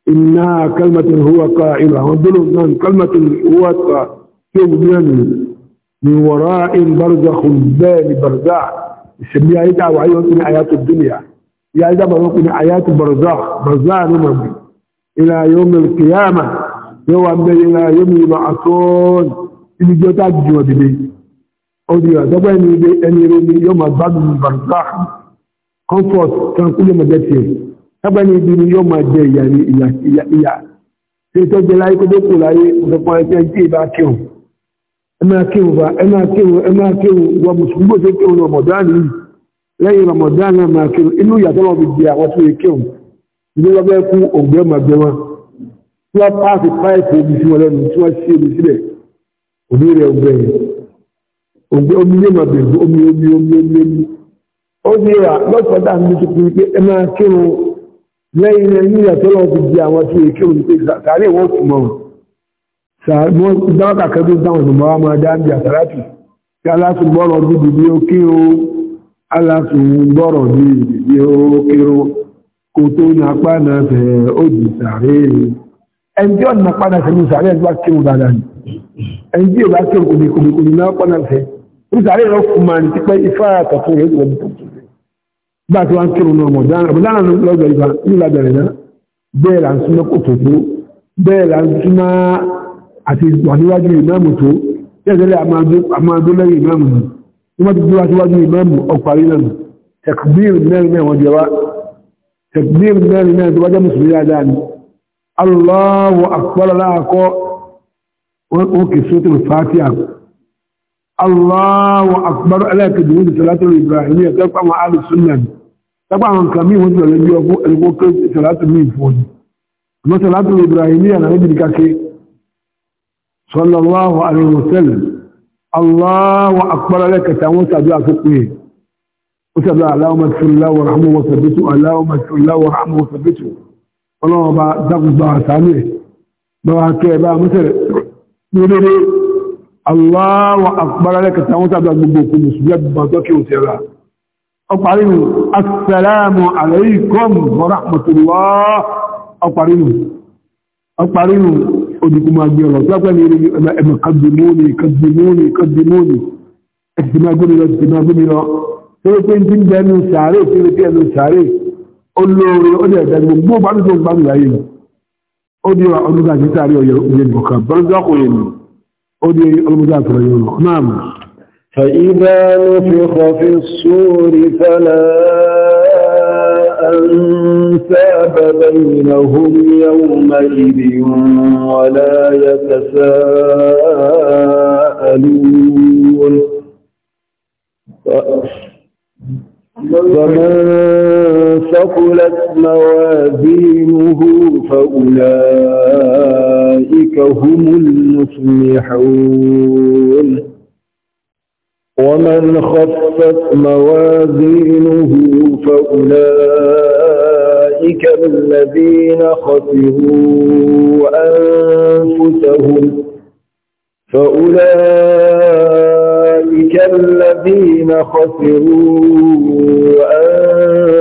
إنا كلمة هو قائلة وضلوا من كلمة هو قائلة من وراء برزخ بان برزاء السمية إيه؟ أيوة، من أيها الدنيا ya yi zama rukuni a yakin barzah barzah ne mabi ila yomin kiyama yawa mbe ila yomin ma'ason ibi jẹ́ ta jù wọ́n dìde ó di wà dọ́gbà ẹni ilé ẹni eré ni yóò máa gbádùn barzah comfort kan kú lè mọ̀jẹ́ tiẹ̀ dọ́gbà ẹni ibi ni yóò máa jẹ ìyà ìyà ìyà ìyà tí ó jẹ́ láyé kó tó kù láyé ọ̀dọ̀pọ̀ ẹgbẹ́ tí ì bá kéwù ẹ máa kéwù ẹ máa kéwù ẹ máa kéwù wọ mùsùlùmí bó ṣe kéwù lẹ́yìn Ramadan náà máa kí inú ìyàtọ̀ lọ́wọ́ fi di àwọn tó yẹ kí òun ìdí lọ́bẹ̀ kú ògbé màgbé wọn tí wọ́n pàṣẹ páìpù omi sí wọn lẹ́nu tí wọ́n ṣe omi sílẹ̀ òbí rẹ̀ ògbé yẹn ògbé omi yé màgbé omi omi omi omi omi ó di rà lọ́sọ̀ dà ní tuntun pé ẹ máa kírun lẹ́yìn inú ìyàtọ̀ lọ́wọ́ fi di àwọn tó yẹ kí òun pé sàárè wọ́n kù mọ́ wọn dáwọn kàkẹ́ tó dáwọn ìmọ̀ wa máa dá ń bí àtàràtì kí aláṣùgbọ́n lọ bí bìbí ó kí ó aláfihàn gbọ́rọ̀ ní ìdíje ó kéró kò tó ní apá náà fẹ́ òjì sàárè ẹni tí ọ̀nà apá náà fẹ́ ní sàárè ẹgbà kí wọn dáadáa ni ẹni tí ìbá kí òkùnrin kùnrin kùnrin náà pọ́n náà fẹ́ ní sàárè lọ fún ma ní tipẹ́ ifá àtọ̀tún rẹ̀ ìwọ̀n tó tó bá a ti wá ń náà mọ̀ dáná àbúdáná lọ́gbẹ̀ ìfà ńlá bẹ̀rẹ̀ náà bẹ́ẹ̀ là ń súnmọ́ kò tó tó bẹ́ẹ̀ là ń súnmọ́ àti wà níwájú ìmáàmù tó tẹ́ẹ̀tẹ́lẹ̀ wọ́n ti gbíwá síwájú ìmọ́mù ọkùnrin náà tẹ̀kbír mẹ́rin náà wọ́n jẹwa tẹ̀kbír mẹ́rin náà tó wájá musulmi dáadáa ni Allahu akbar láàkọ́ wọ́n kì sótò fàtíà Allahu akbar alákejì wọ́n ti sàlátò Ibrahim ní ẹ̀kọ́ pàmò alùsùnà ni tápá àwọn nǹkan míì wọ́n ti lọ́lẹ́ bí Allahu akbar lẹ́kẹta wọ́n sàdúrà tó pé ó sàdúrà Allahumma sọ́lá wa rahmu wa sàbítù Allahumma sọ́lá wa rahmu wa sàbítù ọlọ́wọ́ bá dákùgbà àtàánú ẹ̀ bá wá kẹ́ bá mọ́sẹ̀rẹ̀ lórí Allahu akbar lẹ́kẹta wọ́n sàdúrà gbogbo ojúkú máa gbé ọ̀rọ̀ sápẹ́ ní ẹ̀mọ̀ kàdìmóní kàdìmóní kàdìmóní ẹ̀sì máa gbé mi lọ ẹ̀sì máa gbé mi lọ tó yẹ pé ní bẹ́ẹ̀ nu sàárè tí ó ti ẹnu sàárè ó lóore ó dẹ̀ gbogbo bá tó bá mi láyé ó di ọdún àti sàárè ọ̀yẹ́ òye nìkan bọ́lá tó kò yẹ nù ó di ọlọ́mọdé àtọ̀rọ̀ yẹn lọ náà mọ̀. فإذا نفخ في الصور فلا أنساب بينهم يومئذ ولا يتساءلون فمن ثقلت موازينه فأولئك هم المصلحون ومن خفت موازينه فأولئك الذين خسروا أنفسهم فأولئك الذين خسروا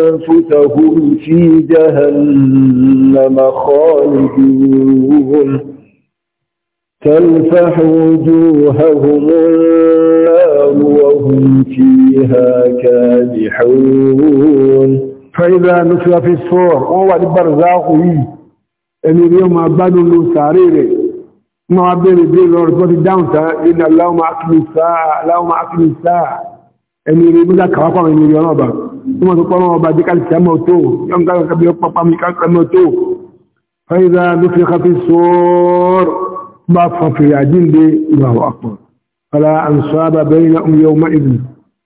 أنفسهم في جهنم خالدون تلفح وجوههم وهم فيها كادحون فإذا نفي في الصور هو البرزاق ẹni rí ọmọ agbádùn ló sàárè rẹ̀ wọ́n wá bẹ̀rẹ̀ bí lọ́rọ̀ tó ti dáhùn sáà iná láwọn akílì sáà ẹni rí mú lákàwápàá ẹni rí ọlọ́ọ̀bà tó mọ̀ tó pọ́ ọlọ́ọ̀bà jẹ́ káàkiri sàmọ́ tó yọ́nkàrọ̀ kàbí ọpọpá mi káàkiri tó fẹ́ ìdá ló fi kàfi sọ́ọ̀rọ̀ bá fọ́fẹ́ àjíǹde ìwà àpọ̀ فلا أنصاب بينهم يومئذ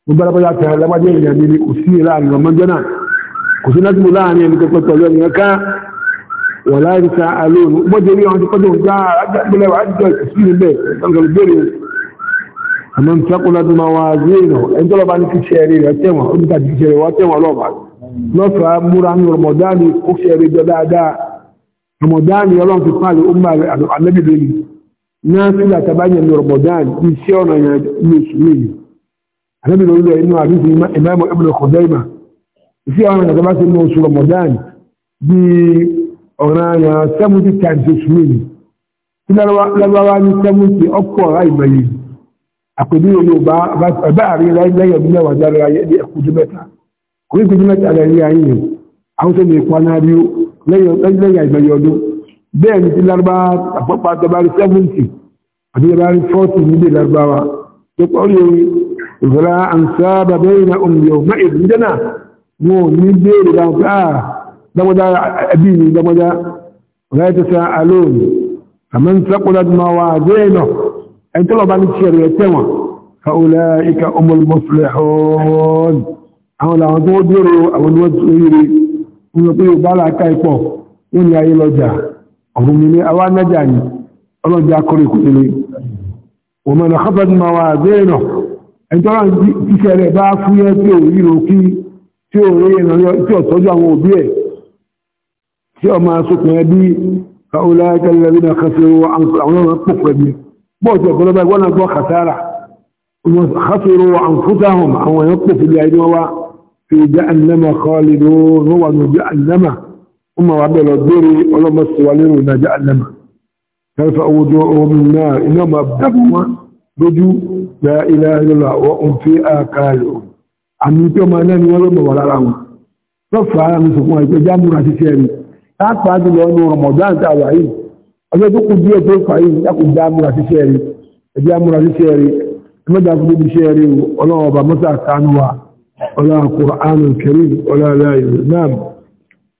مبارك الله تعالى وجهنا يعني أسيرا من جنا كسنا جملان يعني كتبت لهم يكا ولا يسألون ما وجهنا عن قدر جاء بلا وعد تسير البيت تنقل البيت أمن ثقلت موازينه أنت لو بانك شعري واتما أنت شعري واتما لو بعد نفع مران رمضان كشعري جدا دا رمضان يلون في قال أمه النبي náàfíà tàbáyẹ̀ ní Ramadan iṣẹ́ ọ̀nà yà ní oṣù méjì alábìnà orí inú àríṣì Imam Ibn Khuzaimah iṣẹ́ ọ̀nà yà tàbáyẹ̀ ní oṣù Ramadan bí ọ̀nà yà 70 times oṣù méjì tí lábáwá ní 70 ọkọ̀ àìmọ̀yè àpèdí Yorùbá bá àrí lẹ́yìn ọdún mẹ́wàá dára ayé ní ẹkùjú mẹ́ta kò ní kùjú mẹ́ta lẹ́yìn ayé àwọn tó lè pa náà rí lẹ́yìn àìmọ̀yè ọdún bẹ́ẹ̀ ni ti lárúbá àpapọ̀ àtọ́bárí 70 àti ìbárí 40 nílé lárúbáwá tó pọ̀ rí ìfẹ́lá àǹsáàbà bẹ́ẹ̀ na òmìnirò mẹ́rin níjẹ́nà wọn ò ní béèrè dáhùn pé àà ah, dámọ́dá ẹbí mi dámọ́dá ọ̀rẹ́ ti sa alóòrùn àmọ́ ń sẹ́kọ̀dá tó máa wà bẹ́ẹ̀ nà ẹni tó lọ bá ní tiẹ̀rẹ̀ ẹ̀ ọ̀run ni awá mẹ́jà ni ọlọ́jà kọrì kò nílé ọmọ ẹ̀nà kọ́fẹ́ ní ma wà bẹ́ẹ̀nà ẹ̀ntọ́rọ̀ jíṣẹ́ rẹ̀ bá fúyẹ́ tí ò yíro kí tí ò rí ìrànlọ́ tí ò tọ́jú àwọn òbí ẹ̀ tí ọmọ asokùn ẹ kaola jẹ́lẹ́bí na kásẹ̀ àwọn ọmọ pọ̀pọ̀ ẹbí bọ́ọ̀tì ọ̀gọ́lọ́bà ìwọ́n náà gbọ́ kàtàrà خسروا أنفسهم أو يطلب في العدوى في جهنم خالدون هو جهنم ثم وعبد الديري ولما استواليرو إلى جهنم ترفع وجوههم النار إنما أبدهم رجو لا إله إلا الله وهم فيها كالهم àmì tí ọmọ ẹlẹ́ni wọ́n lọ́mọ̀ wà lára wọn lọ́fà ara mi sọ̀kún àìpẹ́ jámúra ti ṣe rí láàpá jùlọ ọ̀nà Ramadan tá a wà yìí ọjọ́ tó kù díẹ̀ tó fà yìí lákò jámúra ti ṣe rí jámúra ti ṣe rí ẹmẹ́ta fún mi ṣe rí ọlọ́wọ́ ọba mọ́tà kánú wa ọlọ́wọ́ Qur'anul Karim ọlọ́wọ́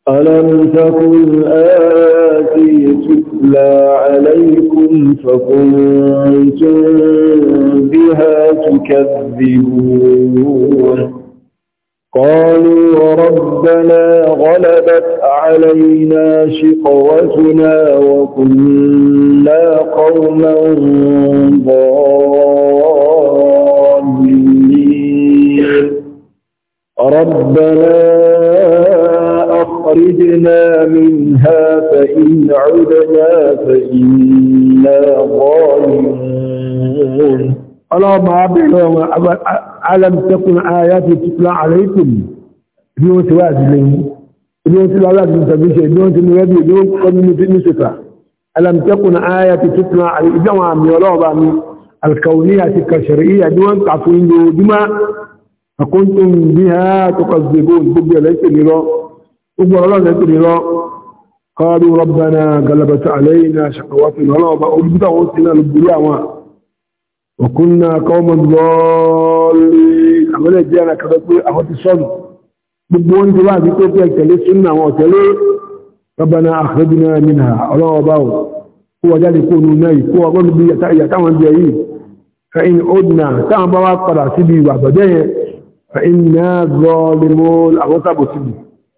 ألم تكن آتي تتلى عليكم فكنتم بها تكذبون قالوا ربنا غلبت علينا شقوتنا وكنا قوما ضالين ربنا أخرجنا منها فإن عدنا فإنا ظالمون اللهم أبعنا ألم تكن آياتي تطلع عليكم يوم سواد لهم يوم سواد من سبيشه يوم سواد لهم في مسكة ألم تكن آياتي تطلع على إجواء من الله بأمي الكونية الشرعية دون تعفوين دماء فكنتم بها تقذبون بقية ليس لله gbogbo ọlọ́run ẹ̀kùn ìrọ́ kọlu rọ̀bẹ̀nà galabata alayna ṣàkọwàtí ọlọ́ọ̀bá olùgbútà wọ́n ti náà lùgbúrú àwọn ọkùnna kọmọ̀n lọ́ọ̀lì àmọ́lẹ̀ jẹ́ ara kàbẹ́ pé àwọn ti sọ́nù gbogbo wọn ti wá àti pé pé ẹ̀tẹ̀lé súnà àwọn ọ̀tẹ̀lé rọ̀bẹ̀nà àkọ́jìnà nínà ọlọ́ọ̀bá ò kó wọ́n jáde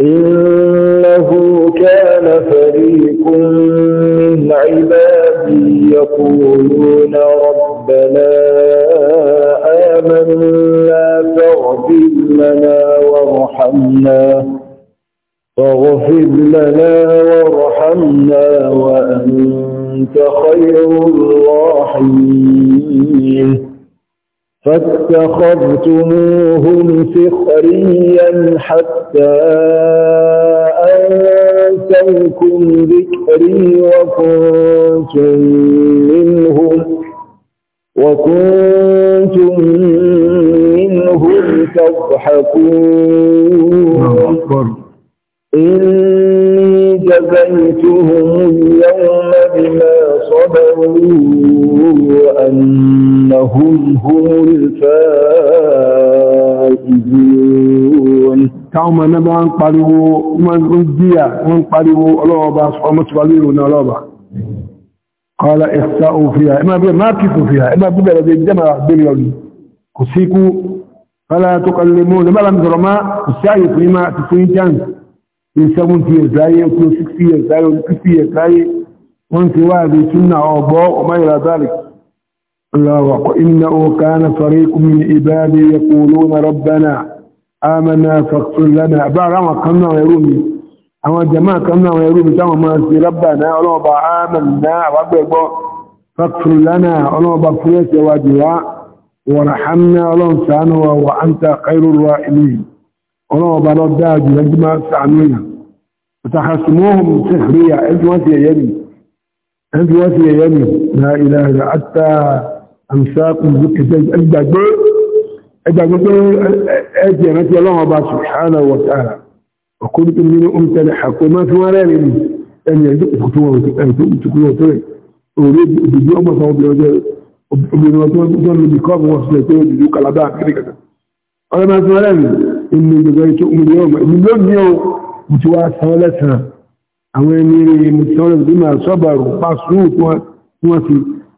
إنه كان فريق من عبادي يقولون ربنا آمنا فاغفر لنا وارحمنا فاغفر لنا وارحمنا وأنت خير الراحمين فاتخذتموهم سخريا حتى أنسوكم ذكري وكنتم منهم وكنتم منهم تضحكون إني جزيتهم اليوم بما صبروا أن إنهم هم الفائزون táwọn ọmọ ẹ̀mẹ́ máa ń pariwo wọ́n jíyà wọ́n ń pariwo ọlọ́ọba ọmọ tí wà lè rò ní ọlọ́ọba kọ́lá ẹ̀sá òfìyà ẹmà bí máa kí fòfìyà ẹmà bí bẹ̀rẹ̀ bí jẹ́mà bèèrè ọdún kò sí kú kọ́lá tó kọlẹ̀ mọ́ ní bára mìsọ̀rọ̀ máa kò sí ààyè fún ìmá àti fún chance ní 70 years láyé kú 60 years láyé 50 years láyé wọ́n ti wá àbí túnà ọgbọ́ ọmọ ìrà zalik الله إنه كان فريق من عبادي يقولون ربنا آمنا فاغفر لنا بعد ما كنا ويرومي أما جماعة كنا ويرومي تما ما في ربنا الله با آمنا وبغبو فاغفر لنا الله با فريس واجواء ورحمنا الله سانوا وأنت خير الرائمين الله با رداج لجماعة سعمينا وتحسموهم سخرية أنت واسي يمي أنت واسي يمي لا إله إلا أنت àmìsáàkùn ẹgbàgbé ẹgbàgbé pé ẹjì ẹ̀rántí ọlọ́run ọba subhanahu wa ta'ala ọkùnrin nínú oúnjẹ àkó máa fi wọ́n rẹ̀rìn ní ẹni ẹ̀dọ́ òkútù wọn tó ìtukú wọn tó rẹ̀ òòrè òdìdí ọmọ sọ obìnrin wọn tó lóbi kọ́ọ̀bù wọn sílẹ̀ tó òdìdí kalabá kẹ́kẹ́kẹ́ ọlọ́ máa fi wọ́n rẹ̀rìn inú gbogbo ètò òmìnir ọmọ èmi lónìí o mo ti wá sanwó lẹ́sàn-án àwọn ẹni rẹ̀ mo ti sanwó lẹ́sàn bí màá sọ́bàrù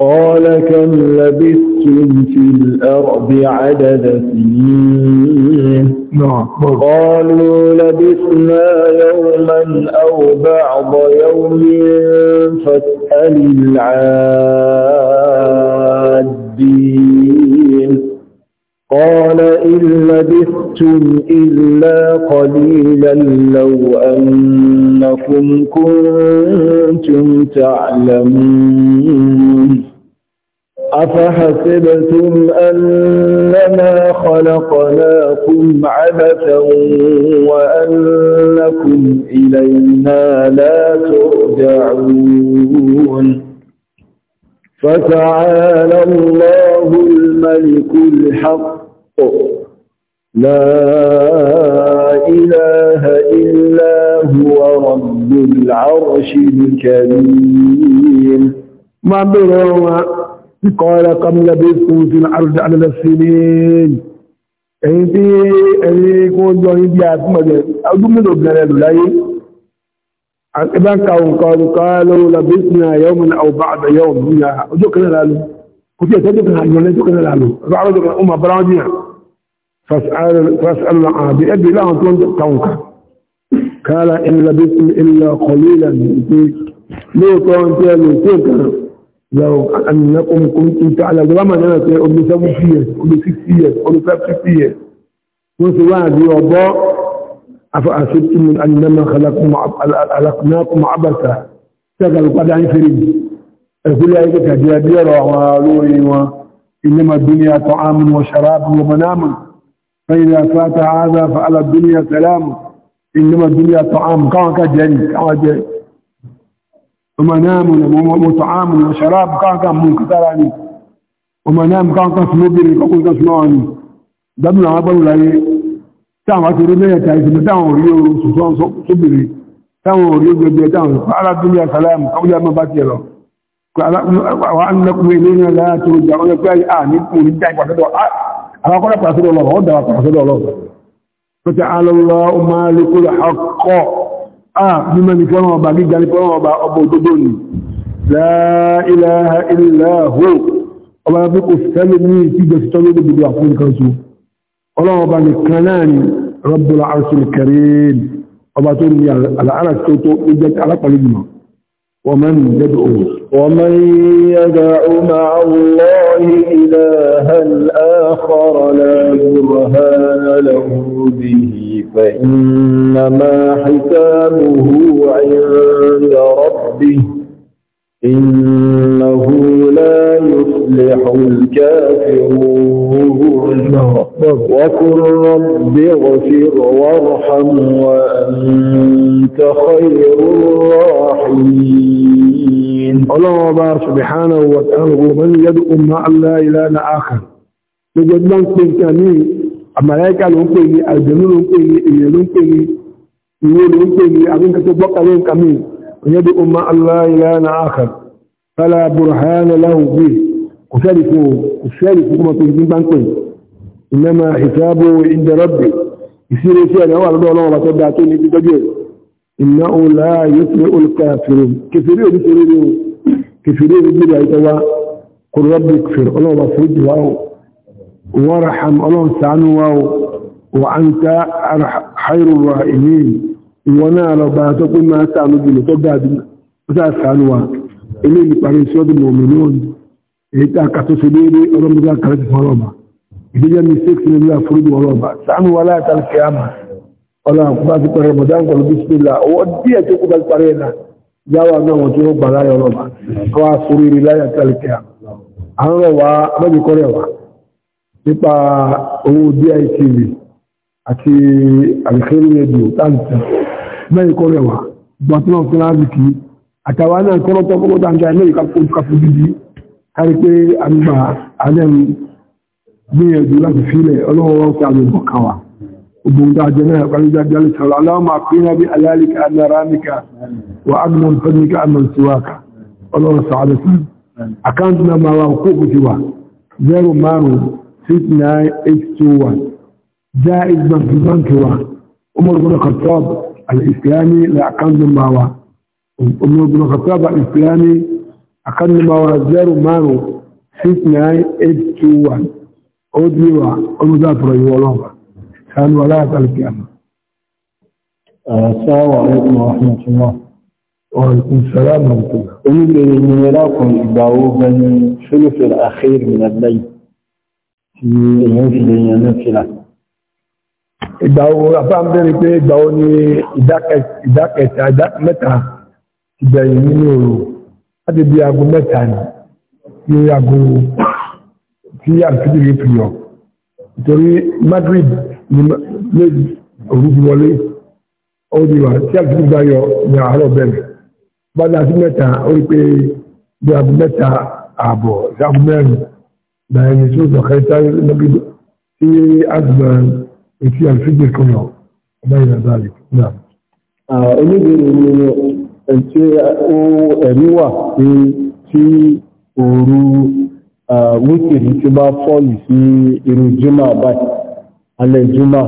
قال كم لبثتم في الأرض عدد سنين نعم، قالوا لبثنا يوما أو بعض يوم فاسأل العادين قال إن لبثتم إلا قليلا لو أنكم كنتم تعلمون أفحسبتم أنما خلقناكم عبثا وأنكم إلينا لا ترجعون فتعالى الله الملك الحق لا إله إلا هو رب العرش الكريم ما بلوما قال كم لبثتم في الأرض عدد السنين ẹ̀yìn tí ẹni kó jọ ní bí àtúmọ̀jẹ̀ ọdún mélòó bẹ̀rẹ̀ lò láyé ẹgbẹ́ ń ka òǹkà ọdún káà lọ́wọ́ lọ́bí ìsìn àyẹ̀wò àwọn bá àbẹ̀yẹ̀wò níyà ọjọ́ kẹrìnlá lọ́wọ́ kò tí ẹ̀tẹ́jọ́ kan ìrọ̀lẹ́ tó kẹta lálò ráàrọ̀ kan ó ma bára wọn díyàn fasalà àbí ẹbí láwọn tó ń kàwọn ká kára ìlàbí ìlà kọlílà pé lóòótọ́ ń tẹ́ lò tó kan lọ àmìnàkùn kún tí ta àlàgbà máa náà tẹ omi seven years omi six years omi five fifty years wọ́n ti wá àbí ọ̀bọ afẹ́àṣẹ́tìmù ànìyàn máa kàlákùn àbàtà tẹ́gàlùpadà ń fèrè yìí ẹ̀kúlé ayé kàdí ẹ̀dẹ́rọ àwọn olórin wọn إنما الدنيا طعام وشراب ومنام فإذا فات هذا فعلى الدنيا سلام إنما الدنيا طعام كان كجن ومنام وطعام وشراب كان كان منكتراني ومنام كان كان سنوبري كان كان سنواني دبنا عبر لأي تعمى تربية تعيش تعمى ريو سبري تعمى ريو جبية تعمى فعلى الدنيا سلام قولها ما باتي له وأنكم إلينا لا ترجعون قال آمين ونرجع فقدوا أنا أقول لك رسول الله ودعا رسول الله فتعالى الله مالك الحق آه مما نفعل وباقي جاني فعل وباقي دوني لا إله إلا هو ọba bí kò fẹ́lẹ̀ ní ìtìjọ sí tọ́lú gbogbo àfún nǹkan sọ ọlọ́wọ́ ọba nìkan náà ni Rabbul Arshil Karim ọba tó ní àlàárà tó tó ní jẹ́ alápàlẹ́ jùlọ ومن يدعو ومن يدع مع الله إلها آخر لا برهان له به فإنما حسابه عند ربه إنه لا يفلح الكافرون وقل رب اغفر وارحم وأنت خير الراحمين الله بار سبحانه وتعالى من يدعو مع الله إلى أن آخر نجد من سبحانه الملائكة الوقتي الجنون الوقتي الوقتي يقول الوقتي أظن كتبقى لهم كمين يدعو مع الله إلى أن آخر فلا برهان له به وشاركوا وشاركوا كما تجدين بانكوين إنما حسابه عند ربي يصير يصير يا الله الله الله تدعتوني في تجير إنه لا يسرئ الكافرون كفرين يسرعون كفرين يجب يتوا قل ربي اكفر الله بفرج واو ورحم الله سعنه واو وأنت خير الرائمين وانا لو بعتكم ما سعنوا جلو تدعتني وتعسعنوا إليه لقريسيات المؤمنون èyí tí a kà tó ṣe déédé ọlọ́mọdé àkàrẹ́ ti fún ọlọ́ọ̀bà ìdíjẹ́ mi six ní ìlú àforíjì ọlọ́ọ̀bà sáàmù wa láti àlùkè àmà ọlọ́ọ̀ àkùbá ti parí Ramadan pẹ̀lú bísímìlà ọwọ́ díẹ̀ tó kú bá ti parí ẹ̀nà yáwà náà wọ́n tí ó gbà láyọ̀ ọlọ́ọ̀bà káwá sórí rí láyà tí àlùkè àmà à ń rọ̀ wá mẹ́jì kọ́rẹ̀ wá nípa owó DITV àti àlùkèrè rédíò táǹtì mẹ́jì kọ́rẹ̀ wá gbọ́tún náà fún kárí pé àgbà adẹ́m gbìyànjú láti fílẹ̀ ọlọ́wọ́ wọn kí àgbẹ̀ bọ̀kan wa ogun dájẹ náà kárí dájẹ́ lè sọ̀rọ̀ aláwọ̀mà pínà bí alálìkà alárámìkà wà ágbà fẹ́mìkà àmàlùsíwákà ọlọ́wọ́ sàádẹ́ fún وا عمر بن الخطاب الإسلامي أقل موازير مانو ستنا اتوان أدلوا أمدات رأي والله كان ولا تلقيام السلام عليكم ورحمة الله وعليكم السلام ورحمة الله أمد إنيراكم إباوبا ثلث الأخير من الليل في ينفل ينفل إباو أفهم ذلك إباوني إذا كتا إذا كتا متى إباوني نورو láti bí aago mẹ́ta ní ní aago tí àtúndì fi yọ nítorí Madrid ní òru fi wọlé ó di wà tí àtúndì bá yọ ní àárọ̀ bẹ̀rẹ̀ bá dá sí mẹ́ta ó rí pé bí aago mẹ́ta ààbọ̀ aago mẹ́rin náà ẹni tí ó sọ kẹta Madrid tí àtúndì ètí àtúndì kan yọ ọmọ ìrìnàjò àlè náà. oníbèrè ni ẹ̀tí ẹ̀rí wà pé tí òru wíkìrì tí bá fọ́ọ̀lù sí irú jùmọ̀ báyìí alẹ́ jùmọ̀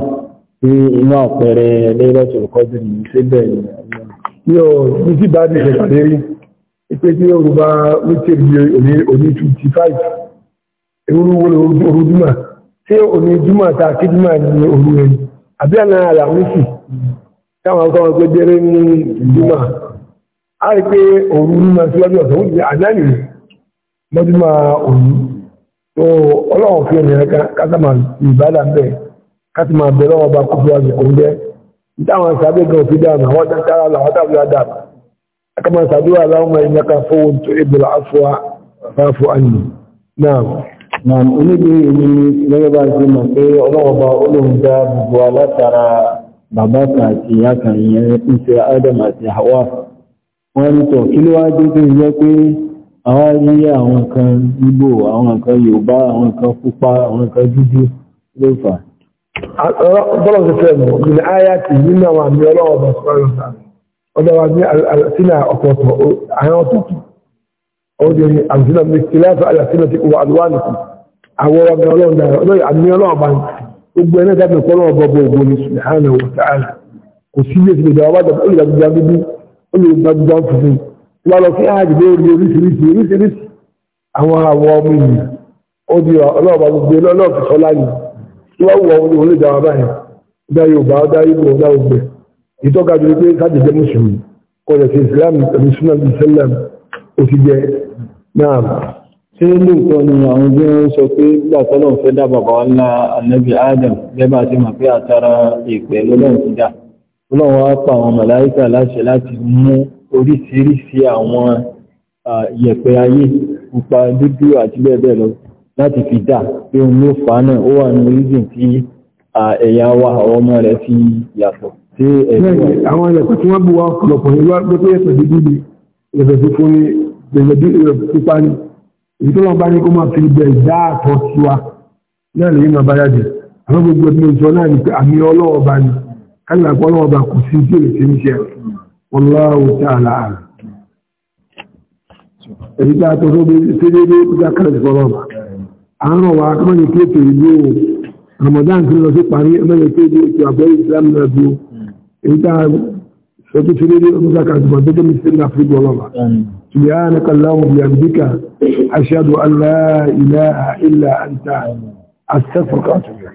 pé inú àpẹẹrẹ lẹ́rọ̀tì ọkọ̀dù ní síbẹ̀ yóò ní tí bá ní ìṣẹ̀lẹ̀ rí pé tí òru bá wíkìrì òní òní 25 ewúrú wọlé òru jùmọ̀ tí òní jùmọ̀ tá kí jùmọ̀ ní òru ẹni àbí àná àlàmísì táwọn akọ́wọ́ pé déré ní jùmọ̀ a rí pé òru ní máa sí lọ́jọ́ ọ̀sán wípé àdáyé mọ́júmọ́ òru tó ọlọ́run fi ẹ̀rìn ẹ̀ka kásá máa ìbádà ń bẹ̀ kásá máa bẹ̀rẹ̀ ọba kó fi àsìkò ń jẹ́ ìtàwọn ìsàbẹ̀ gan fi dáhùn àwọn dáńtara làwọn tàbí àdá akama sàdúrà láwọn ọmọ tó wọ́n ní tọ̀ kí ló wá dé tó jẹ́ pé àwọn rí àwọn kan Ìgbò àwọn kan Yorùbá àwọn kan pupa àwọn kan dúdú ló fà. bọ́lá ti fẹ́ mọ̀ ní àyà tì nínú àwọn àmì ọlọ́wọ́ bá sọ́rọ̀ yóò sáré ọ̀dọ̀ wa ní àlàsílà ọ̀pọ̀ọ̀pọ̀ àwọn ọ̀tọ̀ọ̀tọ̀ ọdẹ ni àlàsílà mi ti láti àlàsílà ti wà àdúrà nìkan àwọn ọmọ ọlọ́run dára ọlọ́run àmì ọlọ́run bá gbogbo ẹni dábìlì pọ́lọ́run bọ́bọ̀ ògbóni subhanahu ó lè gba gbogbo sí àjùbé orí oríṣiríṣi oríṣiríṣi àwọn àwọ̀ ọmọ ènìyàn ó di ọlọ́ọ̀bà gbogbo ọlọ́ọ̀fẹ́ sọ́lá yìí tí wọ́n wọ ohun olè dáwà báyìí dá Yorùbá dá Yorùbá dá ogbè ìtọ́ka jù pé káàdì mùsùlùmí kọ̀ọ̀dẹ̀ sí Islam tàbí súnà bíi sẹ́lẹ̀m ó ti jẹ náà. ṣé lóòótọ́ ni àwọn bí wọ́n sọ pé nígbà tọ́lọ́ fẹ́ dá bàbá wa ńlá Ànábì Adam gẹ́gbà tí pé àtàrà ìpẹ́ lọ́lọ́run ti dá ọlọ́run wá pa àwọn màláíkà láṣẹ láti mú oríṣiríṣi àwọn yẹ̀pẹ̀ ayé pupa dúdú àti bẹ́ẹ̀bẹ́ẹ̀ lọ láti fi dà pé òun ló fà á náà ó wà ní oríṣìí tí ẹ̀yà wa àwọn ọmọ rẹ̀ fi yàtọ̀ sí ẹ̀sùn. àwọn yẹ̀pẹ̀ tí wọ́n bù wá ọ̀pọ̀lọpọ̀ ìlú àgbẹ̀pẹ̀ yẹ̀pẹ̀ dúdú ni yẹ̀pẹ̀ funfun ni yẹ̀pẹ̀ pupa ni èyí tó wọn bá ní kó máa fi ibẹ̀ dá àtọ̀ sí wa náà lè yí màá bá yá àwọn gbogbo ẹ̀mí ìjọ náà ni àmì ọlọ́wọ́ bá ní kálà gbọ́nà ọba kò sí tí èlè tí ń ṣe wallahu ta'ala ààrẹ ẹ̀bí tá a tó tó bí sí dédé ìjá kálà ti fọ́nà ọba àárọ̀ wa kọ́ ní kí ètò ìlú o Ramadan tí lọ sí parí mẹ́rin tó dé ètò àbẹ́ Islam náà bí o èyí a sọ tó ti dédé ìjá kálà ti fọ́nà tó ní àfíríkì ọlọ́ba subhanaka Allahumma bi hamdika ashhadu an la ilaha illa anta astaghfiruka